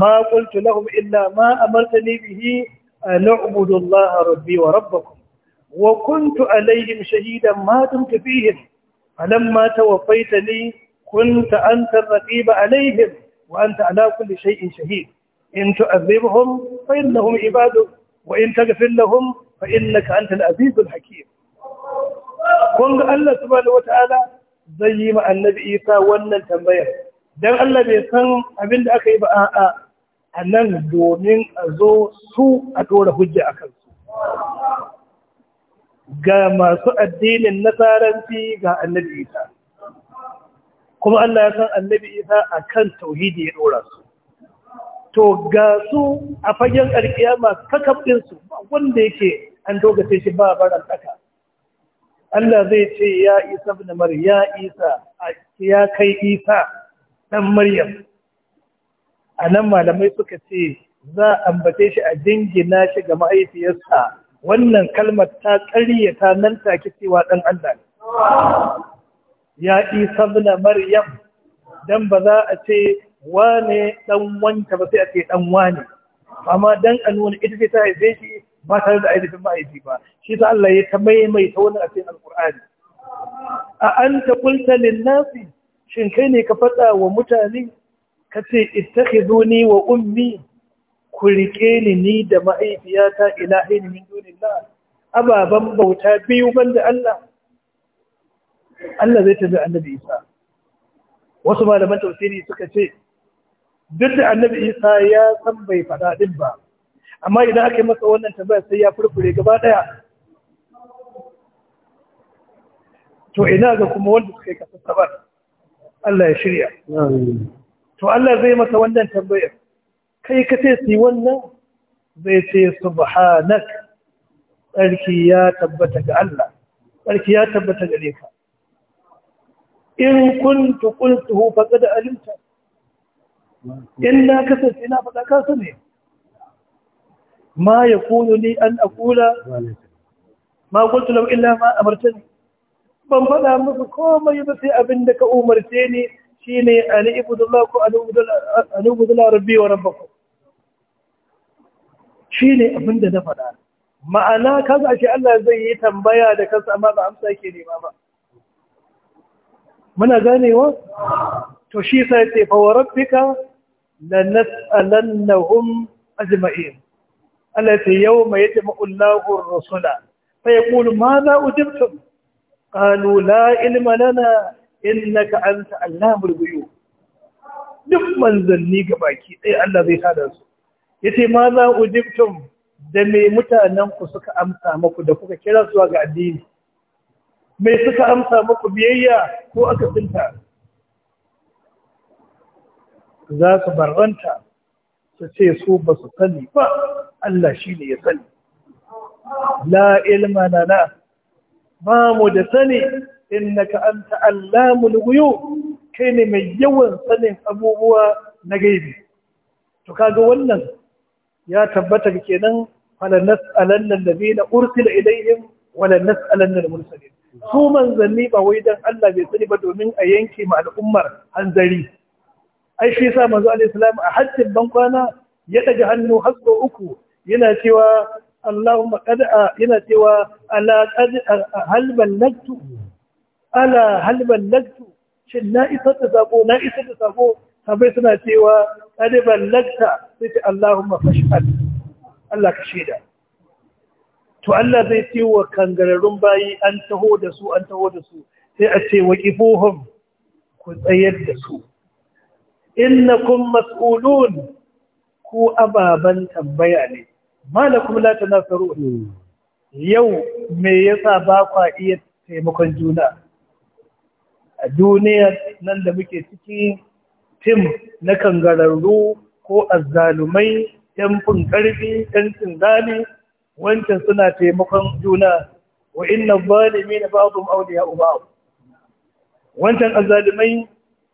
[SPEAKER 2] ما قلت لهم إلا ما أمرتني به أن اعبدوا الله ربي وربكم وكنت عليهم شهيدا ما دمت فيهم فلما توفيتني كنت أنت الرقيب عليهم وأنت على كل شيء شهيد إن تعذبهم فإنهم عبادك وإن تغفر لهم فإنك أنت العزيز الحكيم kun ga Allah subhanahu wataala zai yi ma annabi Isa wannan tambayar dan Allah bai san abin da aka yi ba a'a a nan domin a zo su a ɗora hujja a kansu ga masu addinin nasaranci ga annabi isa kuma Allah ya san annabi isa a kan tauhidi ya ɗora su to ga su a fagen ƙarƙiya masu kakabinsu wanda yake an dogace shi ba baran ɗaka. Allah zai ce ya isa bin mariya isa ya kai isa ɗan Maryam a nan malamai suka ce za a ambace shi a jingina shi ga mahaifiyarsa wannan kalmar ta ƙaryata nan take cewa ɗan Allah ne. Ya isa na Maryam dan ba za a ce wane ɗan wanta ba sai a ce ɗan wane. Amma dan a nuna ita ce ta haife shi ba tare da ainihin mahaifi ba. Shi ta Allah ya ta maimaita wani a cikin Alƙur'ani. A an ta kulta shin kai ne ka faɗa wa mutane ka ce ni wa ummi ku ni ni da ma'aifiyata ilahin min dunillah ababan bauta biyu banda Allah Allah zai tabi annabi Isa wasu malaman tafsiri suka ce duk da annabi Isa ya san bai faɗa din ba amma idan aka yi masa wannan tambaya sai ya furfure gaba daya to ina ga kuma wanda
[SPEAKER 1] suka yi sabar
[SPEAKER 2] Allah ya shirya to Allah zai masa wannan tambayar kai ka ce su yi wannan zai ce subhanak tsarki ya tabbata ga Allah tsarki ya tabbata gare ka in kuntu qultuhu faqad alimta in na kasance ina faɗa ka sani ma ya kunu ni an aqula ma qultu lahu illa ma amartani ban faɗa musu komai ba sai abin da ka umarce ni Shi shine an ibudullah ko an ibudullah rabbi wa rabbakum shine abin da na faɗa ma'ana kaza shi Allah zai yi tambaya da kansa amma ba amsa yake nema ba muna ganewa to shi sai ce fa rabbika lanas'alannahum ajma'in Allah ce yawma yajma'u Allahu ar-rusula fa yaqulu za ujibtum qalu la ilma lana innaka anta allamul ghuyub duk manzanni ga baki ɗaya Allah zai hada su yace ma za ujibtum da me mutanen ku suka amsa muku da kuka kira zuwa ga addini me suka amsa muku biyayya ko aka tsinta za su barranta su ce su ba su sani ba Allah shi ne ya sani la ilma na ba mu da sani innaka anta allamul ghuyub kai ne mai yawan sanin abubuwa na gaibi to kaga wannan ya tabbata kenan fala da alladhina ursila ilayhim wala nas'alanna al-mursalin su manzanni ba wai dan Allah bai sani ba domin a yanke ma al'ummar hanzari ai shi yasa manzo alaihi salam a hajjin ban kwana ya daga hannu har uku yana cewa Allahumma qad yana cewa ala qad halban ballagtu ala hal ballagtu shin na isar da sako na isar da sako sabai suna cewa qad ballagta sai ta Allahumma fashhad Allah ka shaida to Allah zai ce wa kangararrun bayi an taho da su an taho da su sai a ce wa ku tsayar da su kun mas'ulun ku ababan tambaya ne malakum la tanasaru hmm. yau me yasa ba kwa iya taimakon juna a duniya nan da muke ciki tim na kangararru ko azzalumai yan fin ƙarfi yan zane wancan suna taimakon juna wa inna zalimi na ba'dhum awliya ba'd wancan azzalumai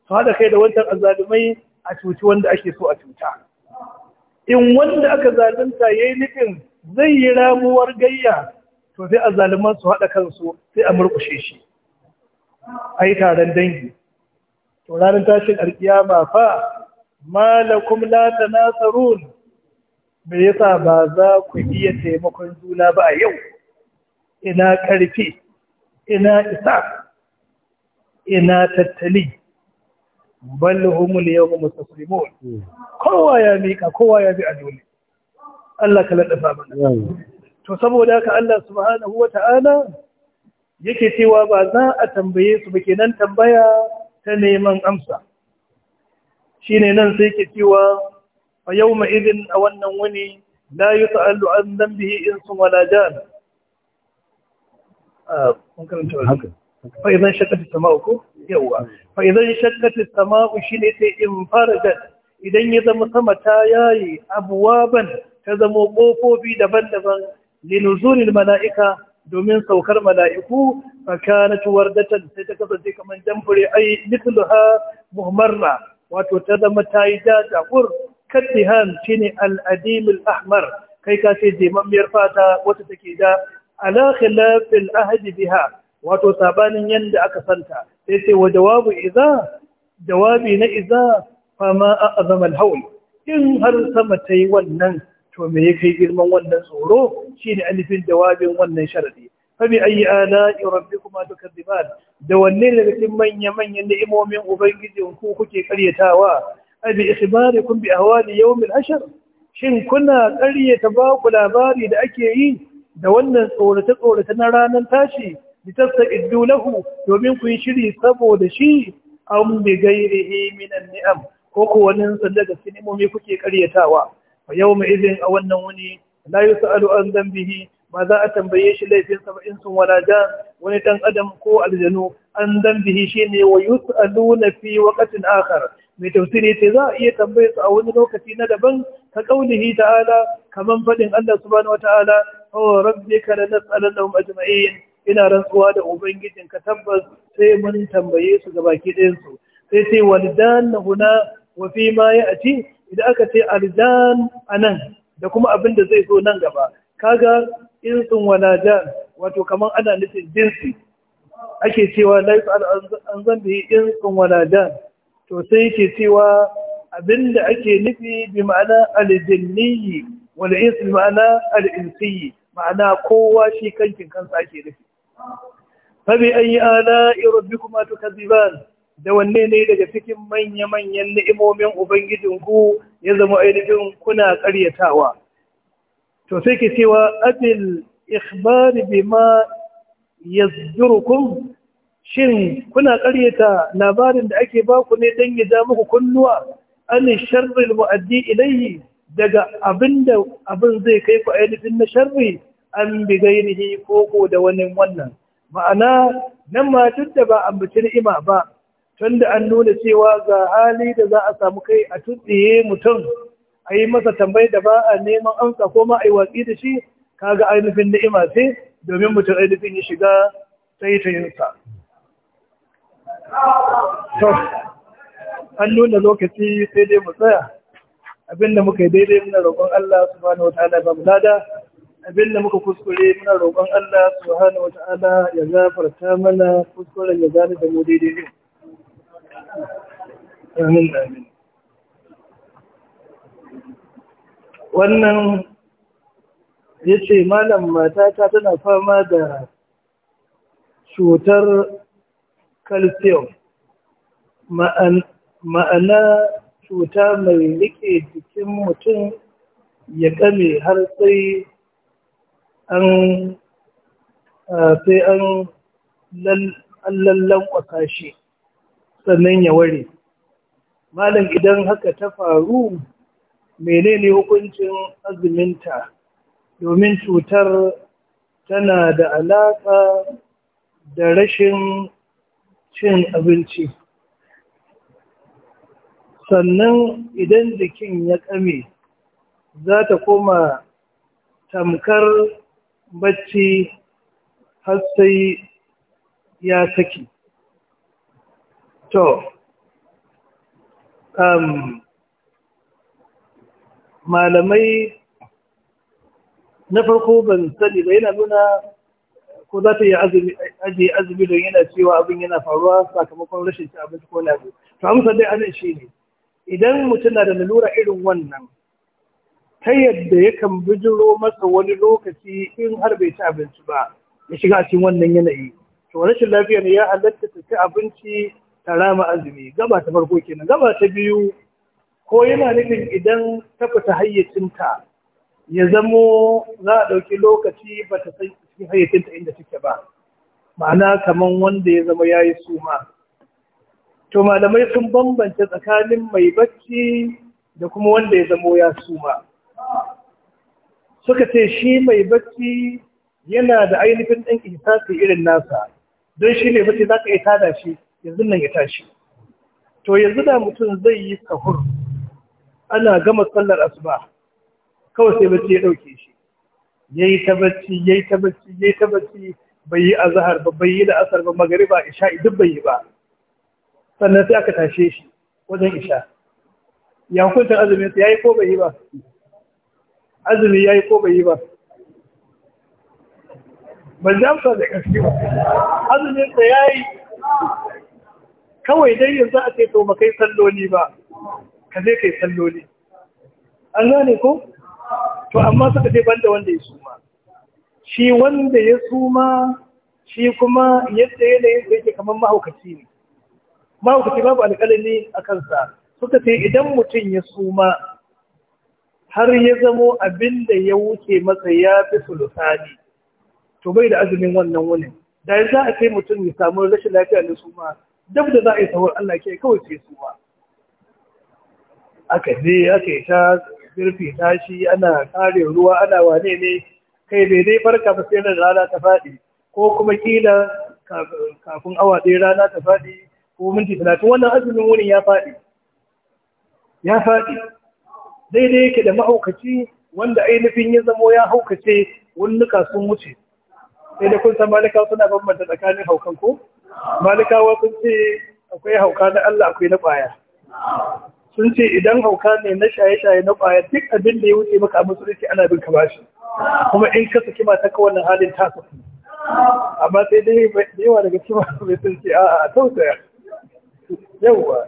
[SPEAKER 2] su haɗa kai da wancan azzalumai a cuci wanda ake so a cuta
[SPEAKER 1] in wanda aka
[SPEAKER 2] zalunta yi nufin zai yi ramuwar gayya to sai azzaluman su haɗa kansu sai a murkushe shi Ai taron dangi to ranar tashin alkiyama fa malakum la tanasarun me yasa ba za ku iya taimakon juna ba a yau ina karfi ina isa ina tattali bal humul yawma mustaslimun kowa ya mika kowa ya bi a dole Allah ka dafa mana to saboda haka Allah subhanahu wata'ala yake cewa ba za a tambaye su ba kenan tambaya ta neman amsa Shi ne nan sai ke cewa a yau ma'izin a wannan wani na yi ta'allu an zambihi in sun wala jan fa'izan shakatun sama'u ko fa'izan shakatun sama'u shi ne ta in farajan idan ya zama sama ta yayi abuwa ban ta zama ƙofofi daban-daban linuzurin mala'ika domin saukar mala'iku a cuwar datan, sai ta kasance kamar jamfure ai mithluha muhmarra wato ta zama ta yi jaja kur kaddihan shine al-adim ahmar kai ka ce jimammiyar fata wata take da ala khilaf al biha wato sabanin yanda aka santa sai ce wa jawabu jawabi na iza fama a azamal haul in har sama ta yi wannan to me ya kai girman wannan tsoro shine alifin jawabin wannan sharadi fabi ayi ala rabbikuma tukadziban da wanne daga cikin manya manyan ni'imomin ubangijin ku kuke karyatawa abi ikhbarikum bi ahwali yawm al-hashr shin kuna karyata ba ku labari da ake yi da wannan tsorata tsorata na ranar tashi litastaqiddu lahu domin ku yi shiri saboda shi am bi ghairihi min an-ni'am ko ko wannan daga cikin ni'imomi kuke karyatawa yau mai izin a wannan wani, la yus'alu an dhanbihi ba za a tambaye shi laifin saba'in sun wala wani dan adam ko aljanu an dhanbihi shine wa yus'aluna fi wakatin akhar mai tausiri ce za a iya tambaye su a wani lokaci na daban ka kaulihi ta'ala kamar faɗin Allah subhanahu wata'ala da oh, rabbika lanas'alannahum ajma'in ina rantsuwa da ubangijin ka tabbas sai mun tambaye su ga baki ɗayan su sai sai walidan huna wa fi ma ci? idan aka ce arjan anan da kuma abin da zai zo nan gaba kaga insun wala jan wato kamar ana nufin jinsi ake cewa la yus'al an zambi insun wala jan to sai yake cewa abin da ake nufi bi ma'ana aljinniyi wal ins bi ma'ana al ma'ana kowa shi kankin kansa ake nufi fa bi ayi ala rabbikuma tukazziban da wanne ne daga cikin manya-manyan ni'imomin Ubangijinku ya zama ainihin kuna ƙaryatawa. To sai ke cewa abil ikhbari bima yazdurukum shin kuna ƙaryata labarin da ake baku ne don ya ja muku kunnuwa an sharril mu'addi ilayhi daga da abin zai kai ku ainihin na sharri an bi gairihi koko da wani wannan ma'ana nan ma duk da ba ambaci ni'ima ba tunda an nuna cewa ga hali da za a samu kai a tuddiye mutum a yi masa tambayi da ba a neman amsa ko ma a yi watsi da shi kaga ainihin ni'ima ce domin mutum ainihin ya shiga taitayinsa an nuna lokaci sai dai mu tsaya abinda muka yi daidai muna roƙon Allah subhanahu wa ta'ala ba mu lada abinda muka kuskure muna roƙon Allah subhanahu wa ta'ala ya zafarta mana kuskuren ya zane da mu daidai ne. wannan ya ce malam matata tana fama da cutar calcium ma'ana cuta mai rike jikin mutum ya kame har sai an sai an sannan ya ware malam idan haka ta faru menene hukuncin azuminta domin cutar tana da alaƙa da rashin cin abinci sannan idan jikin ya ƙame za ta koma tamkar bacci har sai ya saki to malamai na farko ban sani ba yana nuna ko za ta yi ajiye azumi don yana cewa abin yana faruwa sakamakon rashin ci abinci ko lafi to amsa dai anan shi ne idan mutum na da lura irin wannan ta yadda yakan bijiro masa wani lokaci in har bai ci abinci ba ya shiga a cikin wannan yanayi to rashin lafiya ne ya halatta ta ci abinci ta rama azumi gaba ta farko kenan gaba ta biyu ko yana nufin idan ta fita hayyacinta ya zamo za a ɗauki lokaci ba ta san cikin hayyacinta inda take ba ma'ana kamar wanda ya zama ya yi suma to malamai sun bambanta tsakanin mai bacci da kuma wanda ya zamo ya suma suka ce shi mai bacci yana da ainihin ɗan ihsasi irin nasa don shi ne bacci za ka iya tada shi yanzu nan ya tashi to yanzu da mutum zai yi sahur ana gama sallar asuba kawai sai bacci ya dauke shi yayi ta bacci yayi ta bacci yayi ta bacci bai yi azhar ba bai yi la'asar ba magriba isha duk bai yi ba sannan sai aka tashe shi wajen isha ya hukunta azumi sai yayi ko bai yi ba azumi yayi ko bai yi ba ban ji da gaske ba azumin sa yayi kawai dai yanzu a ce to makai salloli ba ka je kai salloli an gane ko to amma suka ce banda wanda ya suma shi wanda ya suma shi kuma yadda yanayin da yake kamar mahaukaci ne mahaukaci babu alƙalami a kansa suka ce idan mutum ya suma har ya zamo abin da ya wuce masa ya fi sulusani to bai da azumin wannan wunin da za a ce mutum ya samu rashin lafiya na suma duk da za a yi sahur Allah ke kawai sai su ba aka je aka yi ta zurfi tashi ana kare ruwa ana wane ne kai bai dai barka ba sai rana ta faɗi ko kuma kila kafin awa ɗaya rana ta faɗi ko minti talatin wannan azumin wurin ya faɗi ya faɗi daidai yake da mahaukaci wanda ainihin ya zamo ya haukace wunnuka sun wuce sai da kun san malaka suna bambanta tsakanin haukan ko malikawa sun ce akwai hauka na Allah akwai na ƙwaya sun ce idan hauka ne na shaye-shaye na ƙwaya duk abin da ya wuce maka a musulunci ana bin ka bashi kuma in ka saki mata ka wannan halin ta saki amma sai dai da yawa daga cikin masu mai sun ce a'a tausaya yawwa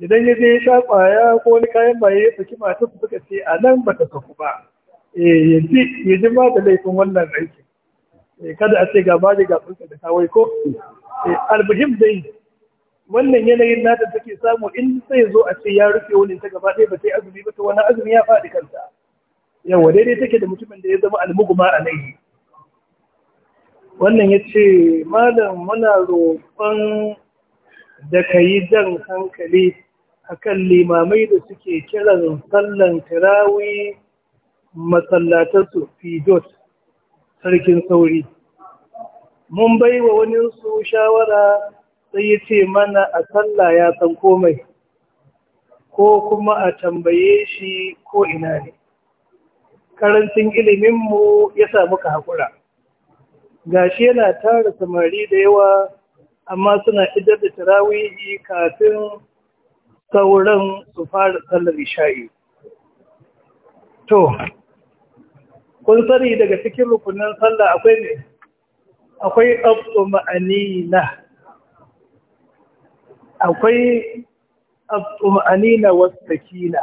[SPEAKER 2] idan ya je ya sha ƙwaya ko wani kayan maye ya saki mata suka ce a nan ba ta saku ba eh ya ji ma da laifin wannan aiki Eh, kada a ce ga bani ga tsunka da kawai ko eh, albuhim dai wannan yanayin nata take samu in sai zo a ce ya rufe wani ta gaba ɗaya ba sai azumi ba ta wani azumi ya faɗi kanta yawa daidai take da mutumin da ya zama almuguma a nai wannan ya ce malam muna roƙon da ka yi jan hankali a kan limamai da suke kiran sallan tirawi masallatarsu fijot sarkin sauri mun bai wa waninsu shawara sai ya ce mana a sallah ya san komai ko kuma a tambaye shi ko ina ne karancin iliminmu ya samu muka haƙura gashi yana tara samari da yawa amma suna idar da tarawihi kafin sauran su fara sallar isha'i to kun sani daga cikin rukunin sallah akwai ne akwai al ma'anina akwai al-tuma'anina wasu takina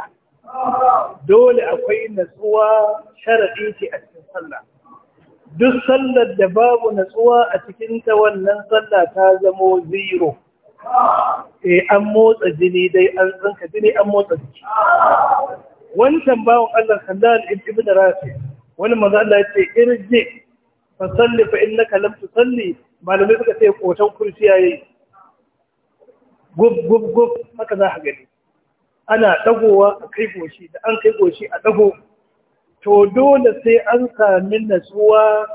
[SPEAKER 2] dole akwai natsuwa sharaɗi ce a cikin sallah duk sallar da babu natsuwa a cikin ta wannan sallah ta zamo zero E, an motsa jini dai an tsanka jini an motsa jini wancan bawon Allah sallallahu alaihi ibn rafi' wani manzo Allah ya ce irje fa salli fa innaka lam tusalli malamai suka ce koton kursi yayi gub gub gub haka za ka gani ana dagowa a kai goshi da an kai goshi a dago to dole sai an sami natsuwa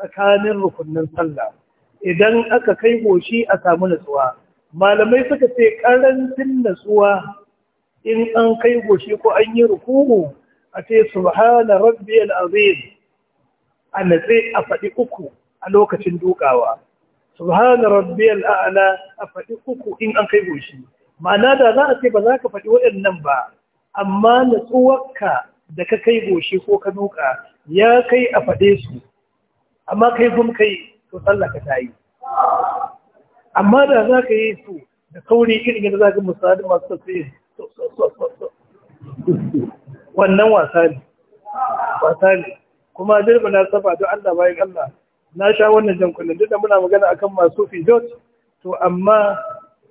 [SPEAKER 2] tsakanin rukunin sallah idan aka kai goshi a samu natsuwa malamai suka ce karancin natsuwa in an kai goshi ko an yi rukuhu a ce subhana al azim a natse a faɗi uku a lokacin dukawa subhana al a'la a faɗi uku in an kai goshi ma'ana da za a ce ba za ka faɗi waɗannan ba amma natsuwarka da ka kai goshi ko ka nuka ya kai a faɗe su amma kai gum kai to tsallaka ta yi amma da za ka yi su da kauri irin yadda za ka da masu tafsir wannan wasa ne wasa ne kuma dirba na safa don Allah bayan Allah na sha wannan jan kullum duk da muna magana akan masu jot. to amma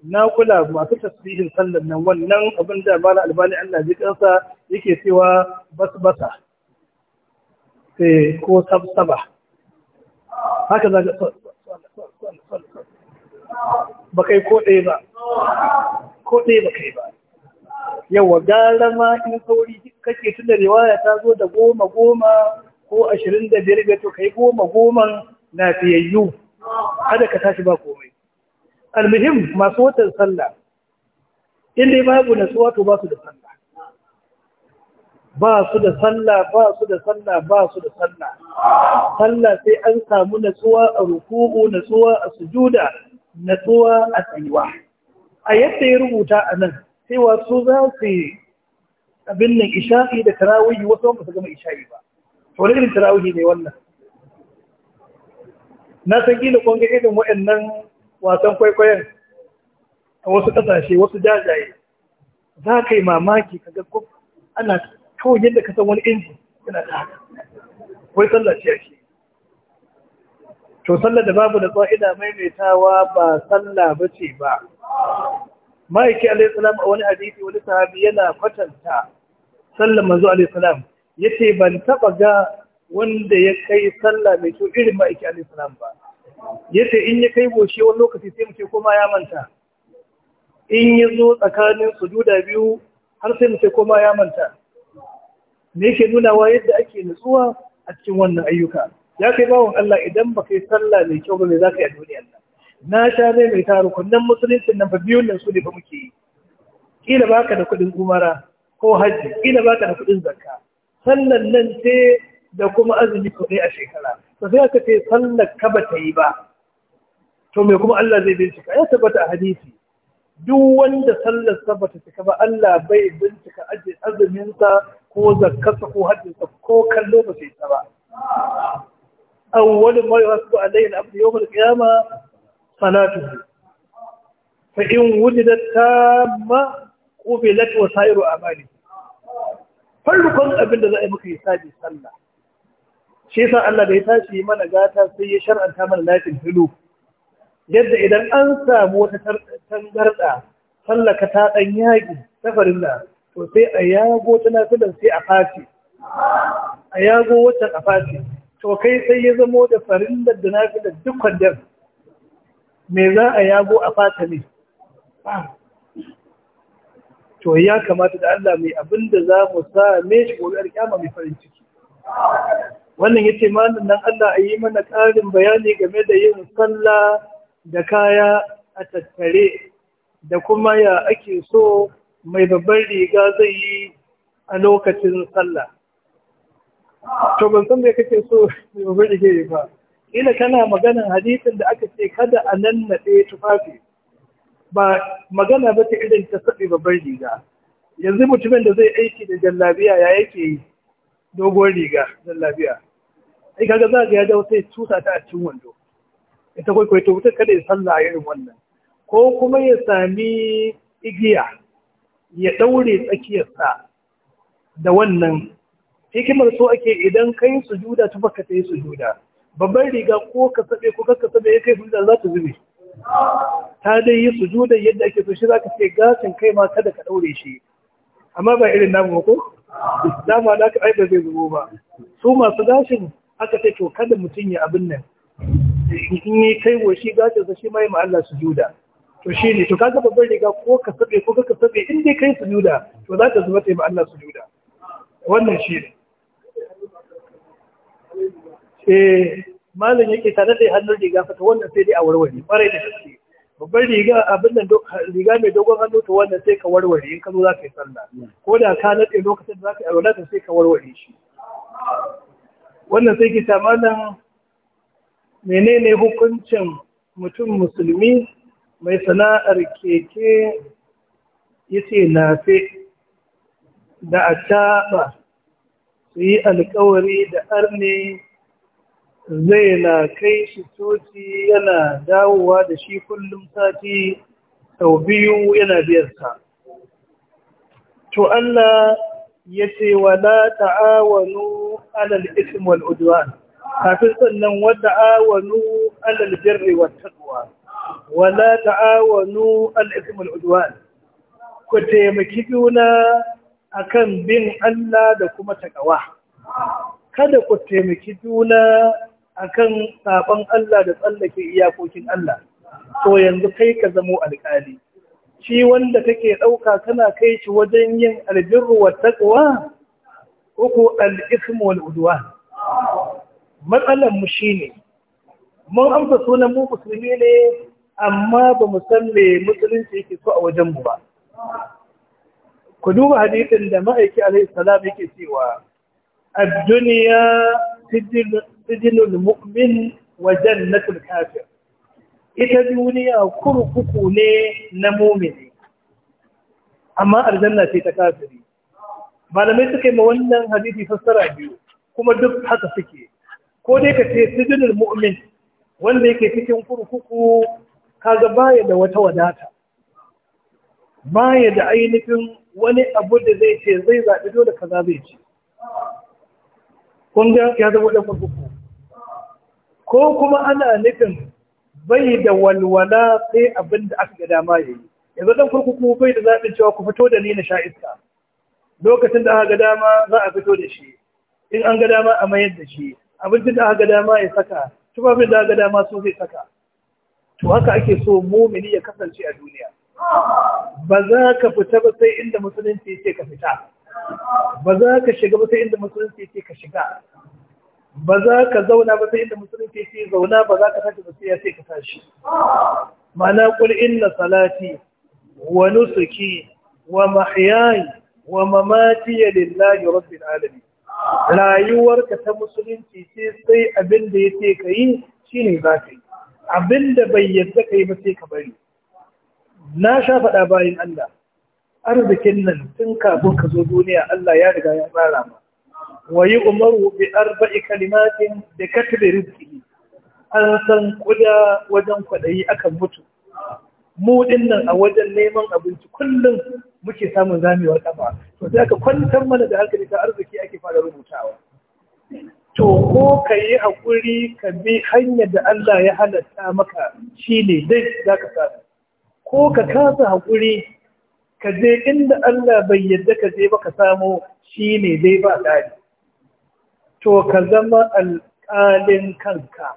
[SPEAKER 2] na kula masu tasbihin sallar nan wannan abin da mala albani Allah ji kansa yake cewa basbasa
[SPEAKER 1] sai eh, ko saba haka za ka ba kai ko ɗaya ba
[SPEAKER 2] ko ɗaya ba kai ba yawa gara ma in sauri kake tunda riwaya ta zo da goma goma ko ashirin da biyar ga to kai goma goman na fiyayyu kada ka tashi ba komai almuhim masu watan sallah in dai babu nasuwa to ba su da sallah ba su da sallah ba su da sallah ba su da sallah sallah sai an samu natsuwa a ruku'u natsuwa a sujuda natsuwa a tsayuwa a yadda ya rubuta a nan sai wasu za su yi abin nan isha'i da tarawihi wasu wanda su gama isha'i ba to wani irin tarawihi ne wannan na san gina kun irin waɗannan wasan kwaikwayon a wasu ƙasashe wasu jajaye za ka yi mamaki ka ga ana kawai yadda ka san wani inji yana ta haka wai sallah ce ake to sallar da babu da ina maimaitawa ba sallah ba ce ba ma'aiki alaihi a wani hadisi wani sahabi yana kwatanta sallar manzo alaihi salam yace ban taba ga wanda ya kai sallah mai kyau irin ma'aiki alaihi salam ba ce in ya kai goshi wani lokaci sai mace koma ya manta in ya zo tsakanin sujuda biyu har sai mace koma ya manta me yake nunawa yadda ake nutsuwa a cikin wannan ayyuka ya kai bawon Allah idan ba kai sallah mai kyau ba me za ka yi a duniyar na sha zai mai taro. Kunnan musulunci nan fa biyun nan su ne fa muke yi kila baka da kuɗin umara ko hajji kila baka da kuɗin zakka sallan nan ce da kuma azumi ko dai a shekara to sai aka ce sallar ka ba ta yi ba to me kuma Allah zai bincika ya tabbata a hadisi duk wanda sallar sa ba cika ba Allah bai bincika azumin azuminsa ko zakkarsa ko hajjin ko kallo ba sai ta ba awwalin ma yasbu alayhi al-abdu yawm al صلاته فإن وجدت تامة قبلت وسائر أعماله farkon abin da za a yi muka hisabi sallah shi yasa Allah da ya tashi mana gata sai ya shar'anta mana lafin filu yadda idan an samu wata
[SPEAKER 1] tangarda
[SPEAKER 2] sallah ka ta dan yaki safarin da to sai a yago ta nafilan sai a fati a yago wata a fati to kai sai ya zamo da farin da nafilan dukkan da me za a yago a fata ne to ya kamata da Allah mai abin da za mu sa me shi kyama mai farin ciki wannan yace malamin nan Allah a yi mana ƙarin bayani game da yin sallah da kaya a tattare da kuma ya ake so mai babban riga zai yi a lokacin sallah to ban san me kake so mai babban riga ba ila kana maganan hadisin da aka ce kada a nan naɗe tufafi ba magana ba ta irin ta saɓe babbar riga yanzu mutumin da zai aiki da jallabiya ya yake yi dogon riga jallabiya ai kaga za ga ya dawo sai tusa ta a cikin wando ita kai to wuta kada ya sallah irin wannan ko kuma ya sami igiya ya ɗaure tsakiyarsa da wannan hikimar so ake idan kai sujuda tufa ka ta sujuda babban riga ko ka sabe ko ka sabe ya kai sujada za ta zube ta dai yi sujuda yadda ake so shi za ka ce gashin kai ma kada ka daure shi amma ba irin namu ko dama da aka ai ba zai zubo ba su masu gashin aka ce to kada mutum ya abin nan in yi kai wa shi gashin sa shi ma yi ma Allah sujuda to shi ne to kaga babban riga ko ka sabe ko ka sabe in dai kai sujuda to za ka zuba ta yi ma Allah sujuda wannan shi ne eh malam yake tare da hannun riga fata wannan sai dai a warware ƙwarai da gaske babbar riga abin nan riga mai dogon hannu to wannan sai ka warware in ka zo za ka yi sallah ko da ka nade lokacin da za ka yi aulata sai ka warware shi wannan sai ki malam menene hukuncin mutum musulmi mai sana'ar keke yace nafe da a su yi alkawari da arne zai na kai shi coci yana dawowa da shi kullum sati sau biyu yana biyarsa. To Allah ya ce wa la ta'awanu alal ism wal udwan kafin sannan wa ta'awanu alal birri wat taqwa wa la ta'awanu al ism wal udwan ku taimaki juna akan bin Allah da kuma takawa kada ku taimaki juna akan saban Allah da tsallake iyakokin Allah to yanzu kai ka zamo alƙali shi wanda kake ɗauka kana kai shi wajen yin albirru wa taqwa uku al-ithmu wal udwan matsalan mu shine mun amsa sunan mu musulmi ne amma ba mu san me musulunci yake so a wajen mu ba ku duba hadisin da ma'aiki alaihi salam yake cewa ad-dunya sijinul mu'min wa jannatul kafir ita duniya kurkuku ne na mumini amma aljanna ce ta kafiri malamai suka yi ma wannan hadisi fassara biyu kuma duk haka suke ko dai ka ce sijinul mu'min wanda yake cikin kurkuku kaga baya da wata wadata baya da ainihin wani abu da zai ce zai zaɓi dole kaza zai ce kun ga ya zama ɗan kurkuku ko kuma ana nufin bai da walwala sai abin da aka ga dama ya yi yanzu dan kurkuku bai da zaɓin cewa ku fito da ni na sha iska lokacin da aka ga dama za a fito da shi in an ga dama a mayar da shi abincin da aka ga dama ya saka tufafin da aka ga dama so zai saka to haka ake so mumini ya kasance a duniya ba za ka fita ba sai inda musulunci ce ka fita ba za ka shiga ba sai inda musulunci ce ka shiga ba za ka zauna ba sai inda musulunci ce zauna ba za ka tashi ba sai ya sai ka tashi ma'ana kul inna salati wa nusuki wa mahyayi wa mamati lillahi rabbil alamin rayuwarka ta musulunci ce sai abin da yake ka yi shine za ka yi abin da bai yadda ka ba sai ka bari na sha faɗa bayan Allah arzikin nan tun kafin ka zo duniya Allah ya riga ya tsara ma wayi arba'i kalimatin da بكتب rizqi an san kuda wajen kwaɗayi akan mutu mu nan a wajen neman abinci kullum muke samun zamewar kafa to sai aka kwantar mana da hankali ta arziki ake fara rubutawa to ko ka yi hakuri ka bi hanyar da Allah ya halatta maka shine dai za samu ko ka kasa hakuri ka je inda Allah bai yarda ka je ba samu samo shine dai ba dadi to ka zama alƙalin kanka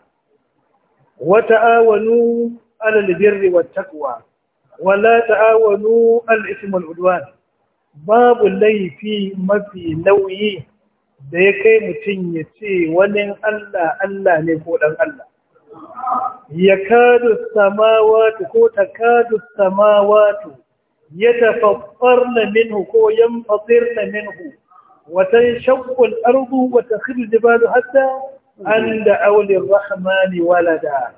[SPEAKER 2] wata awanu alal birri wala ta'awanu al ithmi udwan babu laifi mafi nauyi da ya kai mutum ya ce wani Allah Allah ne ko ɗan Allah. Ya kadu samawatu ko ta kadu samawatu ya tafaffar na minhu ko yan fasir na minhu وتنشق الأرض وتخر الجبال حتى أن دعوا للرحمن walada,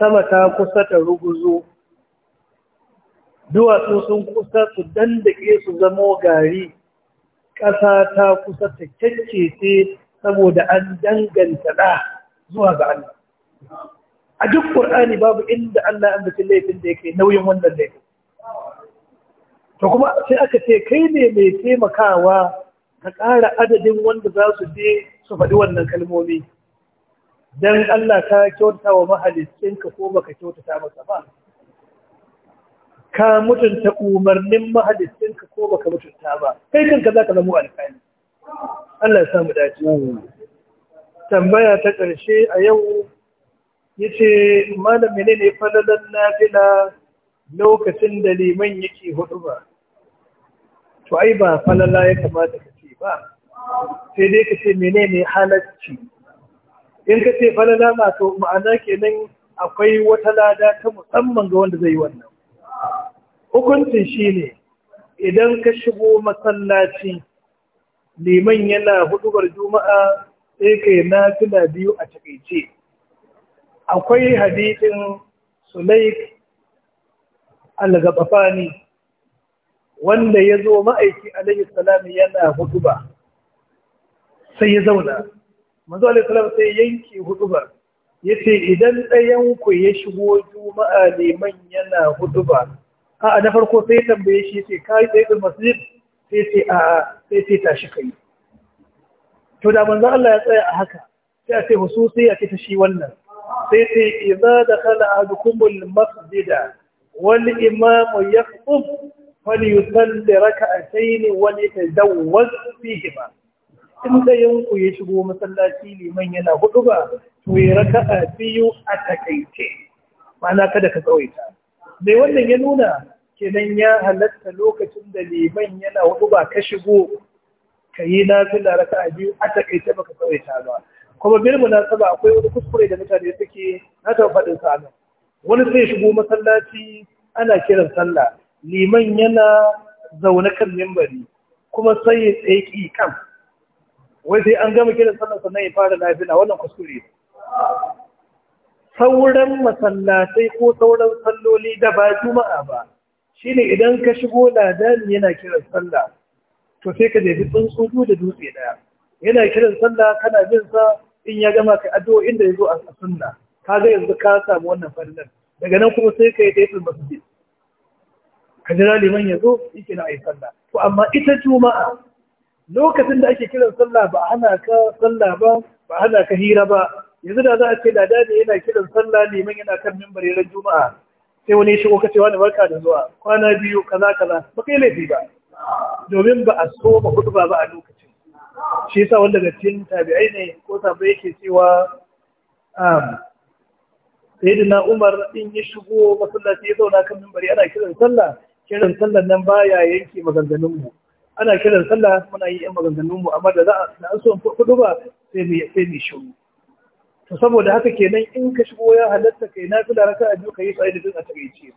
[SPEAKER 2] sama ta kusa ta ruguzo duwatsu sun kusa su dandake su zamo gari ƙasa ta kusa ta kyakkece saboda an danganta zuwa ga Allah a duk ƙur'ani babu inda Allah an bikin laifin da yake nauyin wannan laifin to kuma sai aka ce kai ne mai taimakawa ka ƙara adadin wanda za su je su faɗi wannan kalmomi don Allah ta kyauta wa ka ko baka kyautata masa ba ka mutunta umarnin ka ko baka mutunta ba kai kanka za ka zama alƙali Allah ya samu dace tambaya ta ƙarshe a yau yace malam menene falalan nafila lokacin da liman yake hudu ba to ai ba falala ya kamata ka ce ba sai dai ka ce menene halacci in ka ce falala masu to ma'ana kenan akwai wata lada ta musamman ga wanda zai yi wannan hukuncin ne, idan ka shigo masallaci liman yana hudubar juma'a sai ka yi biyu a takaice akwai hadisin sulaik al-gabafani wanda ya zo ma'aiki alaihi salam yana hutuba sai ya zauna manzo alaihi salam sai ba. hutubar ce idan ɗayan ku ya shigo juma'a neman yana hutuba a na farko sai tambaye shi yace kai tsaye da masjid sai sai a sai sai tashi kai to da manzo Allah ya tsaya a haka sai a ce hususi a ce ta shi wannan sai sai idza dakhala ahadukum al-masjida والإمام يخطب فليصلي ركعتين وليتزوج فيهما in da yanku ya shigo masallaci liman yana hudu ba to ya a biyu a takaice ma'ana kada ka tsawaita mai wannan ya nuna kenan ya halatta lokacin da liman yana hudu ba ka shigo ka yi nafila raka'a biyu a takaice baka tsawaita ba kuma na munasaba akwai wani kuskure da mutane suke na taɓa faɗin sa wani sai shigo masallaci ana kiran sallah liman yana zaune kan mimbari kuma sai ya tsaki kan wai sai an gama kiran sallah sannan ya fara lafiya wannan kuskure sauran masallatai ko sauran salloli da ba juma'a ba shine idan ka shigo ladani yana kiran sallah to sai ka jefi tsuntsu da dutse daya yana kiran sallah kana bin sa in ya gama kai addu'o'in da zo a sunna ga yanzu ka samu wannan farilan daga nan kuma sai ka yi taifin masjid ka jira liman ya zo yake na yi sallah to amma ita juma'a lokacin da ake kiran sallah ba a hana ka sallah ba ba a hana ka hira ba yanzu da za a ce lada ne yana kiran sallah liman yana kan mimbar yaran juma'a sai wani ya shigo ka ce wani barka da zuwa kwana biyu kaza kaza ba kai laifi ba domin ba a so ba hudu ba a lokacin shi yasa wanda daga cikin tabi'ai ne ko tabi'ai yake cewa um, sayyidina Umar in ya shigo masallaci ya zauna kan mimbari ana kiran sallah kiran sallah nan baya yanke maganganun mu ana kiran sallah muna yi yan maganganun mu amma da za a so kudu ba sai mu sai mu shiru to saboda haka kenan in ka shigo ya halatta kai nafila a biyu kai sai da duk a takeice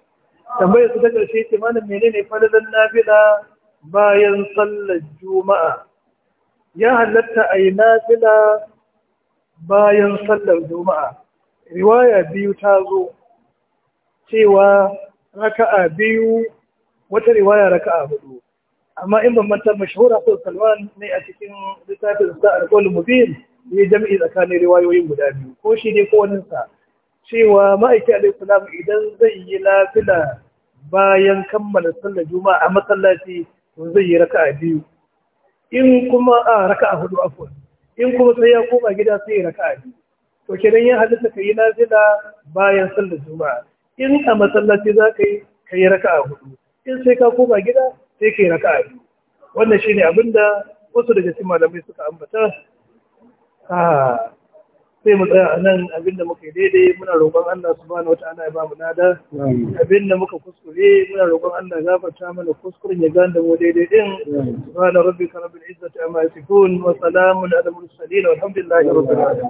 [SPEAKER 2] tambayar su ta karshe ce malam menene falalan nafila bayan sallar juma'a ya halatta a yi nafila bayan sallar juma'a riwaya biyu ta zo cewa raka'a biyu wata riwaya raka'a hudu amma in ban manta mashahura ko salwan ne a cikin littafin sa alqaul mubin ne jami'i tsakanin riwayoyin guda biyu ko shi ne ko wannan sa cewa ma'aiki alaihi salam idan zai yi lafila bayan kammala sallar juma'a a masallaci to zai yi raka'a biyu in kuma a raka'a hudu afwan in kuma sai ya koma gida sai ya raka'a biyu to kenan yin halitta ka yi nazila bayan sallar juma'a in a masallaci za ka yi ka yi raka'a hudu in sai ka koma gida sai ka yi raka'a biyu wannan shine abin da wasu daga cikin malamai suka ambata
[SPEAKER 1] ah, sai mu tsaya a nan
[SPEAKER 2] abinda muka yi daidai muna roƙon Allah subhanahu ta'ala ya ba mu nada abinda muka kuskure muna roƙon Allah ya gafarta mana kuskuren ya ganda mu daidai din subhana rabbika rabbil izzati amma yasifun wa salamun ala mursalin walhamdulillahi rabbil alamin